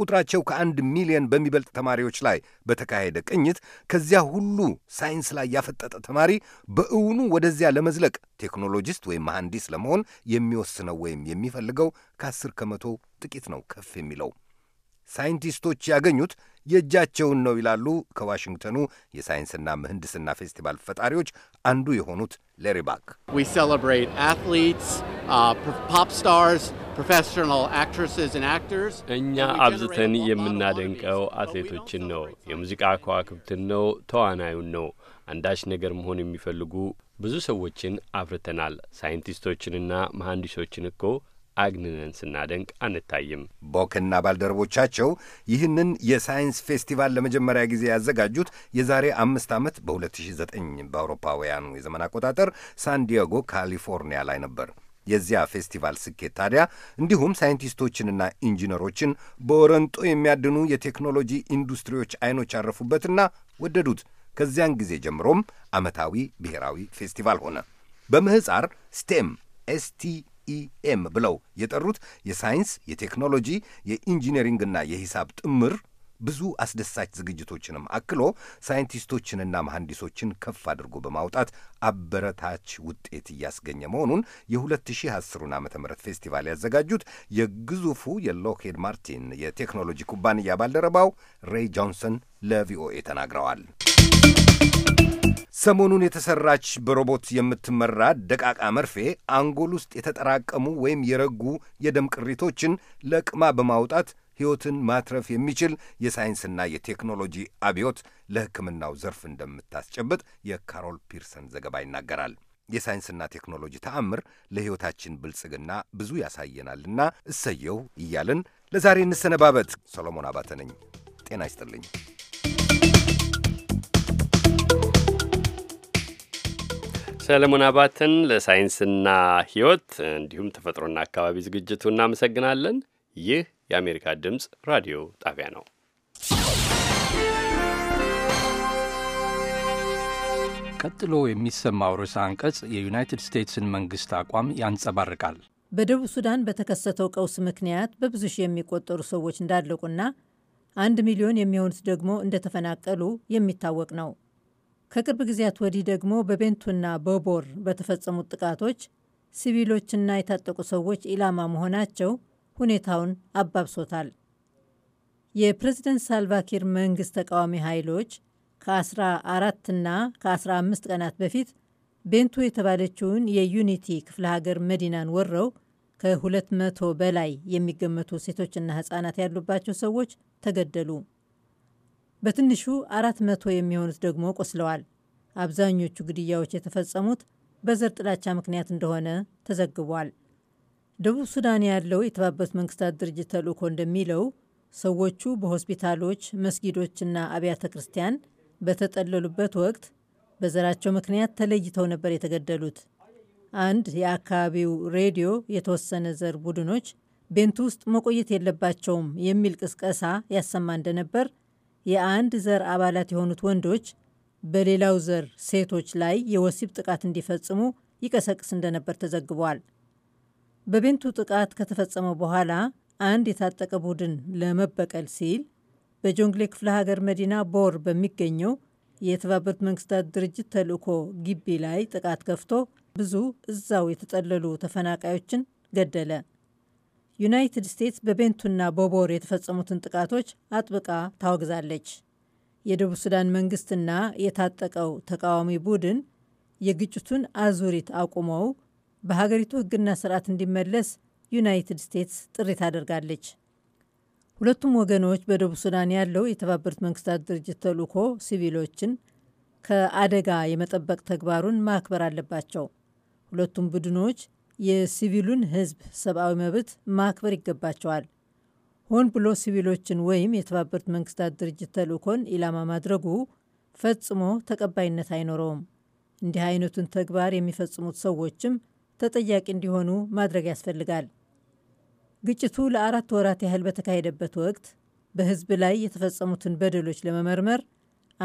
ቁጥራቸው ከአንድ ሚሊዮን በሚበልጥ ተማሪዎች ላይ በተካሄደ ቅኝት ከዚያ ሁሉ ሳይንስ ላይ ያፈጠጠ ተማሪ በእውኑ ወደዚያ ለመዝለቅ ቴክኖሎጂስት ወይም መሐንዲስ ለመሆን የሚወስነው ወይም የሚፈልገው ከአስር ከመቶ ጥቂት ነው ከፍ የሚለው። ሳይንቲስቶች ያገኙት የእጃቸውን ነው ይላሉ ከዋሽንግተኑ የሳይንስና ምህንድስና ፌስቲቫል ፈጣሪዎች አንዱ የሆኑት ሌሪ ባክ uh, እኛ አብዝተን የምናደንቀው አትሌቶችን ነው፣ የሙዚቃ ከዋክብትን ነው፣ ተዋናዩን ነው። አንዳች ነገር መሆን የሚፈልጉ ብዙ ሰዎችን አፍርተናል። ሳይንቲስቶችንና መሐንዲሶችን እኮ አግንነን ስናደንቅ አንታይም። ቦክና ባልደረቦቻቸው ይህንን የሳይንስ ፌስቲቫል ለመጀመሪያ ጊዜ ያዘጋጁት የዛሬ አምስት ዓመት በ2009 በአውሮፓውያኑ የዘመን አቆጣጠር ሳንዲያጎ ካሊፎርኒያ ላይ ነበር። የዚያ ፌስቲቫል ስኬት ታዲያ እንዲሁም ሳይንቲስቶችንና ኢንጂነሮችን በወረንጦ የሚያድኑ የቴክኖሎጂ ኢንዱስትሪዎች አይኖች ያረፉበትና ወደዱት። ከዚያን ጊዜ ጀምሮም ዓመታዊ ብሔራዊ ፌስቲቫል ሆነ። በምህፃር ስቴም ኤስቲ ኢኤም ብለው የጠሩት የሳይንስ የቴክኖሎጂ የኢንጂነሪንግና የሂሳብ ጥምር ብዙ አስደሳች ዝግጅቶችንም አክሎ ሳይንቲስቶችንና መሐንዲሶችን ከፍ አድርጎ በማውጣት አበረታች ውጤት እያስገኘ መሆኑን የ2010ሩን ዓመተ ፌስቲቫል ያዘጋጁት የግዙፉ የሎክሄድ ማርቲን የቴክኖሎጂ ኩባንያ ባልደረባው ሬይ ጆንሰን ለቪኦኤ ተናግረዋል። ሰሞኑን የተሰራች በሮቦት የምትመራ ደቃቃ መርፌ አንጎል ውስጥ የተጠራቀሙ ወይም የረጉ የደም ቅሪቶችን ለቅማ በማውጣት ሕይወትን ማትረፍ የሚችል የሳይንስና የቴክኖሎጂ አብዮት ለሕክምናው ዘርፍ እንደምታስጨብጥ የካሮል ፒርሰን ዘገባ ይናገራል። የሳይንስና ቴክኖሎጂ ተአምር ለሕይወታችን ብልጽግና ብዙ ያሳየናልና እሰየው እያልን ለዛሬ እንሰነባበት። ሰሎሞን አባተ ነኝ። ጤና ይስጥልኝ። ሰለሞን አባትን ለሳይንስና ሕይወት እንዲሁም ተፈጥሮና አካባቢ ዝግጅቱ እናመሰግናለን። ይህ የአሜሪካ ድምፅ ራዲዮ ጣቢያ ነው። ቀጥሎ የሚሰማው ርዕሰ አንቀጽ የዩናይትድ ስቴትስን መንግሥት አቋም ያንጸባርቃል። በደቡብ ሱዳን በተከሰተው ቀውስ ምክንያት በብዙ ሺህ የሚቆጠሩ ሰዎች እንዳለቁና አንድ ሚሊዮን የሚሆኑት ደግሞ እንደተፈናቀሉ የሚታወቅ ነው። ከቅርብ ጊዜያት ወዲህ ደግሞ በቤንቱና በቦር በተፈጸሙት ጥቃቶች ሲቪሎችና የታጠቁ ሰዎች ኢላማ መሆናቸው ሁኔታውን አባብሶታል። የፕሬዝደንት ሳልቫኪር መንግስት ተቃዋሚ ኃይሎች ከ14ና ከ15 ቀናት በፊት ቤንቱ የተባለችውን የዩኒቲ ክፍለ ሀገር መዲናን ወረው ከ200 በላይ የሚገመቱ ሴቶችና ሕፃናት ያሉባቸው ሰዎች ተገደሉ። በትንሹ አራት መቶ የሚሆኑት ደግሞ ቆስለዋል። አብዛኞቹ ግድያዎች የተፈጸሙት በዘር ጥላቻ ምክንያት እንደሆነ ተዘግቧል። ደቡብ ሱዳን ያለው የተባበሩት መንግስታት ድርጅት ተልእኮ እንደሚለው ሰዎቹ በሆስፒታሎች፣ መስጊዶችና አብያተ ክርስቲያን በተጠለሉበት ወቅት በዘራቸው ምክንያት ተለይተው ነበር የተገደሉት። አንድ የአካባቢው ሬዲዮ የተወሰነ ዘር ቡድኖች ቤንቱ ውስጥ መቆየት የለባቸውም የሚል ቅስቀሳ ያሰማ እንደነበር የአንድ ዘር አባላት የሆኑት ወንዶች በሌላው ዘር ሴቶች ላይ የወሲብ ጥቃት እንዲፈጽሙ ይቀሰቅስ እንደነበር ተዘግቧል። በቤንቱ ጥቃት ከተፈጸመ በኋላ አንድ የታጠቀ ቡድን ለመበቀል ሲል በጆንግሌ ክፍለ ሀገር መዲና ቦር በሚገኘው የተባበሩት መንግስታት ድርጅት ተልእኮ ግቢ ላይ ጥቃት ከፍቶ ብዙ እዛው የተጠለሉ ተፈናቃዮችን ገደለ። ዩናይትድ ስቴትስ በቤንቱና በቦር የተፈጸሙትን ጥቃቶች አጥብቃ ታወግዛለች። የደቡብ ሱዳን መንግስትና የታጠቀው ተቃዋሚ ቡድን የግጭቱን አዙሪት አቁመው በሀገሪቱ ሕግና ስርዓት እንዲመለስ ዩናይትድ ስቴትስ ጥሪ ታደርጋለች። ሁለቱም ወገኖች በደቡብ ሱዳን ያለው የተባበሩት መንግስታት ድርጅት ተልእኮ ሲቪሎችን ከአደጋ የመጠበቅ ተግባሩን ማክበር አለባቸው። ሁለቱም ቡድኖች የሲቪሉን ህዝብ ሰብአዊ መብት ማክበር ይገባቸዋል። ሆን ብሎ ሲቪሎችን ወይም የተባበሩት መንግስታት ድርጅት ተልእኮን ኢላማ ማድረጉ ፈጽሞ ተቀባይነት አይኖረውም። እንዲህ አይነቱን ተግባር የሚፈጽሙት ሰዎችም ተጠያቂ እንዲሆኑ ማድረግ ያስፈልጋል። ግጭቱ ለአራት ወራት ያህል በተካሄደበት ወቅት በህዝብ ላይ የተፈጸሙትን በደሎች ለመመርመር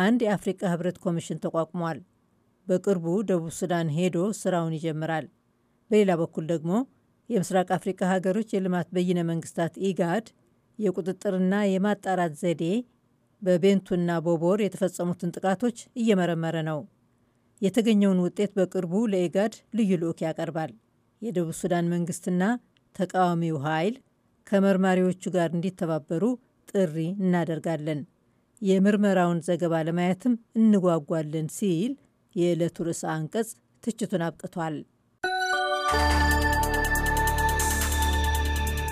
አንድ የአፍሪቃ ህብረት ኮሚሽን ተቋቁሟል። በቅርቡ ደቡብ ሱዳን ሄዶ ስራውን ይጀምራል። በሌላ በኩል ደግሞ የምስራቅ አፍሪካ ሀገሮች የልማት በይነ መንግስታት ኢጋድ የቁጥጥርና የማጣራት ዘዴ በቤንቱና ቦቦር የተፈጸሙትን ጥቃቶች እየመረመረ ነው። የተገኘውን ውጤት በቅርቡ ለኢጋድ ልዩ ልዑክ ያቀርባል። የደቡብ ሱዳን መንግስትና ተቃዋሚው ኃይል ከመርማሪዎቹ ጋር እንዲተባበሩ ጥሪ እናደርጋለን። የምርመራውን ዘገባ ለማየትም እንጓጓለን ሲል የዕለቱ ርዕሰ አንቀጽ ትችቱን አብቅቷል።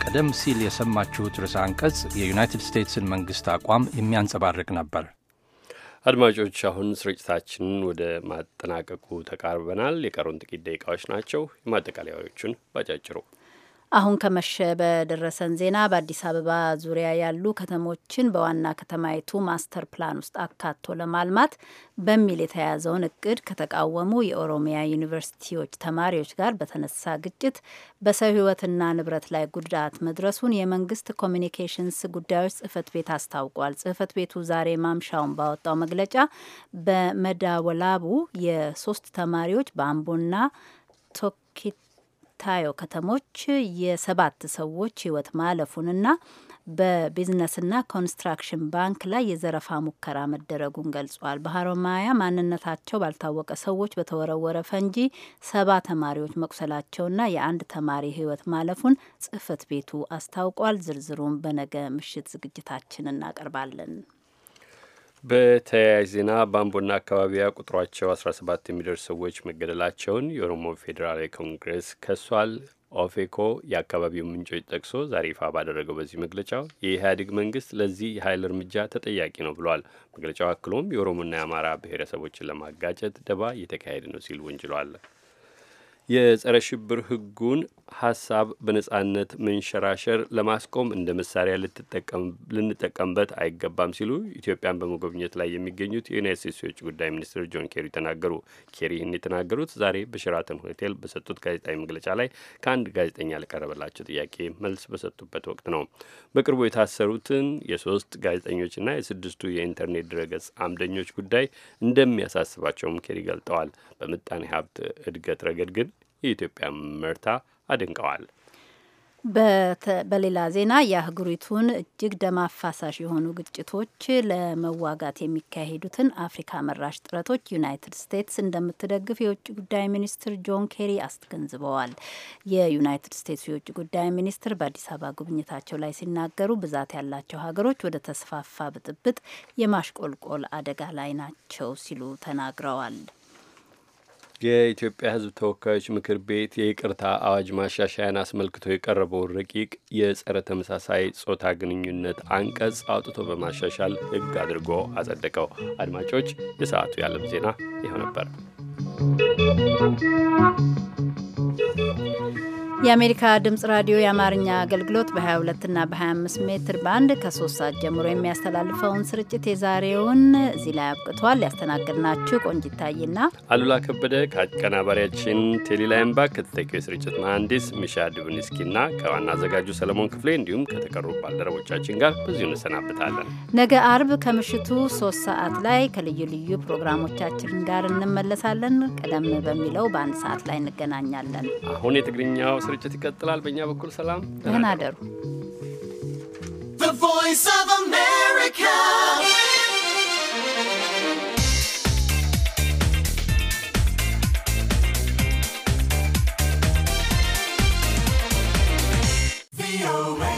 ቀደም ሲል የሰማችሁት ርዕሰ አንቀጽ የዩናይትድ ስቴትስን መንግሥት አቋም የሚያንጸባርቅ ነበር። አድማጮች፣ አሁን ስርጭታችንን ወደ ማጠናቀቁ ተቃርበናል። የቀሩን ጥቂት ደቂቃዎች ናቸው። የማጠቃለያዎቹን ባጫጭሩ አሁን ከመሸ በደረሰን ዜና በአዲስ አበባ ዙሪያ ያሉ ከተሞችን በዋና ከተማይቱ ማስተር ፕላን ውስጥ አካቶ ለማልማት በሚል የተያዘውን እቅድ ከተቃወሙ የኦሮሚያ ዩኒቨርሲቲዎች ተማሪዎች ጋር በተነሳ ግጭት በሰው ሕይወትና ንብረት ላይ ጉዳት መድረሱን የመንግስት ኮሚኒኬሽንስ ጉዳዮች ጽህፈት ቤት አስታውቋል። ጽህፈት ቤቱ ዛሬ ማምሻውን ባወጣው መግለጫ በመዳወላቡ የሶስት ተማሪዎች በአምቦና ቶኪት በኦታዮ ከተሞች የሰባት ሰዎች ህይወት ማለፉንና በቢዝነስና ኮንስትራክሽን ባንክ ላይ የዘረፋ ሙከራ መደረጉን ገልጿል። በሀሮማያ ማንነታቸው ባልታወቀ ሰዎች በተወረወረ ፈንጂ ሰባ ተማሪዎች መቁሰላቸውና የአንድ ተማሪ ህይወት ማለፉን ጽህፈት ቤቱ አስታውቋል። ዝርዝሩን በነገ ምሽት ዝግጅታችን እናቀርባለን። በተያያዥ ዜና ባምቦና አካባቢያ ቁጥሯቸው 17 የሚደርሱ ሰዎች መገደላቸውን የኦሮሞ ፌዴራላዊ ኮንግሬስ ከሷል። ኦፌኮ የአካባቢው ምንጮች ጠቅሶ ዛሬ ይፋ ባደረገው በዚህ መግለጫው የኢህአዴግ መንግስት ለዚህ የኃይል እርምጃ ተጠያቂ ነው ብሏል። መግለጫው አክሎም የኦሮሞና የአማራ ብሔረሰቦችን ለማጋጨት ደባ እየተካሄደ ነው ሲል ወንጅሏል። የጸረ ሽብር ህጉን ሀሳብ በነጻነት መንሸራሸር ለማስቆም እንደ መሳሪያ ልንጠቀምበት አይገባም ሲሉ ኢትዮጵያን በመጎብኘት ላይ የሚገኙት የዩናይት ስቴትስ የውጭ ጉዳይ ሚኒስትር ጆን ኬሪ ተናገሩ። ኬሪ ይህን የተናገሩት ዛሬ በሸራተን ሆቴል በሰጡት ጋዜጣዊ መግለጫ ላይ ከአንድ ጋዜጠኛ ለቀረበላቸው ጥያቄ መልስ በሰጡበት ወቅት ነው። በቅርቡ የታሰሩትን የሶስት ጋዜጠኞችና የስድስቱ የኢንተርኔት ድረገጽ አምደኞች ጉዳይ እንደሚያሳስባቸውም ኬሪ ገልጠዋል። በምጣኔ ሀብት እድገት ረገድ ግን የኢትዮጵያ መርታ አድንቀዋል። በሌላ ዜና የአህጉሪቱን እጅግ ደም አፋሳሽ የሆኑ ግጭቶች ለመዋጋት የሚካሄዱትን አፍሪካ መራሽ ጥረቶች ዩናይትድ ስቴትስ እንደምትደግፍ የውጭ ጉዳይ ሚኒስትር ጆን ኬሪ አስገንዝበዋል። የዩናይትድ ስቴትስ የውጭ ጉዳይ ሚኒስትር በአዲስ አበባ ጉብኝታቸው ላይ ሲናገሩ ብዛት ያላቸው ሀገሮች ወደ ተስፋፋ ብጥብጥ የማሽቆልቆል አደጋ ላይ ናቸው ሲሉ ተናግረዋል። የኢትዮጵያ ሕዝብ ተወካዮች ምክር ቤት የይቅርታ አዋጅ ማሻሻያን አስመልክቶ የቀረበውን ረቂቅ የጸረ ተመሳሳይ ጾታ ግንኙነት አንቀጽ አውጥቶ በማሻሻል ሕግ አድርጎ አጸደቀው። አድማጮች፣ የሰዓቱ የዓለም ዜና ይኸው ነበር። የአሜሪካ ድምፅ ራዲዮ የአማርኛ አገልግሎት በ22 እና በ25 ሜትር ባንድ ከሶስት ሰዓት ጀምሮ የሚያስተላልፈውን ስርጭት የዛሬውን እዚህ ላይ አብቅቷል። ያስተናግድናችሁ ቆንጂት ታይና አሉላ ከበደ ከአቀናባሪያችን ቴሌላይምባ ከተተኪው የስርጭት መሐንዲስ ሚሻ ድብንስኪና ከዋና አዘጋጁ ሰለሞን ክፍሌ እንዲሁም ከተቀሩ ባልደረቦቻችን ጋር በዚሁ እንሰናብታለን። ነገ አርብ ከምሽቱ ሶስት ሰዓት ላይ ከልዩ ልዩ ፕሮግራሞቻችን ጋር እንመለሳለን። ቀደም በሚለው በአንድ ሰዓት ላይ እንገናኛለን። አሁን የትግርኛው ስርጭት ይቀጥላል። በእኛ በኩል ሰላም፣ ደህና አደሩ። ቮይስ ኦፍ አሜሪካ the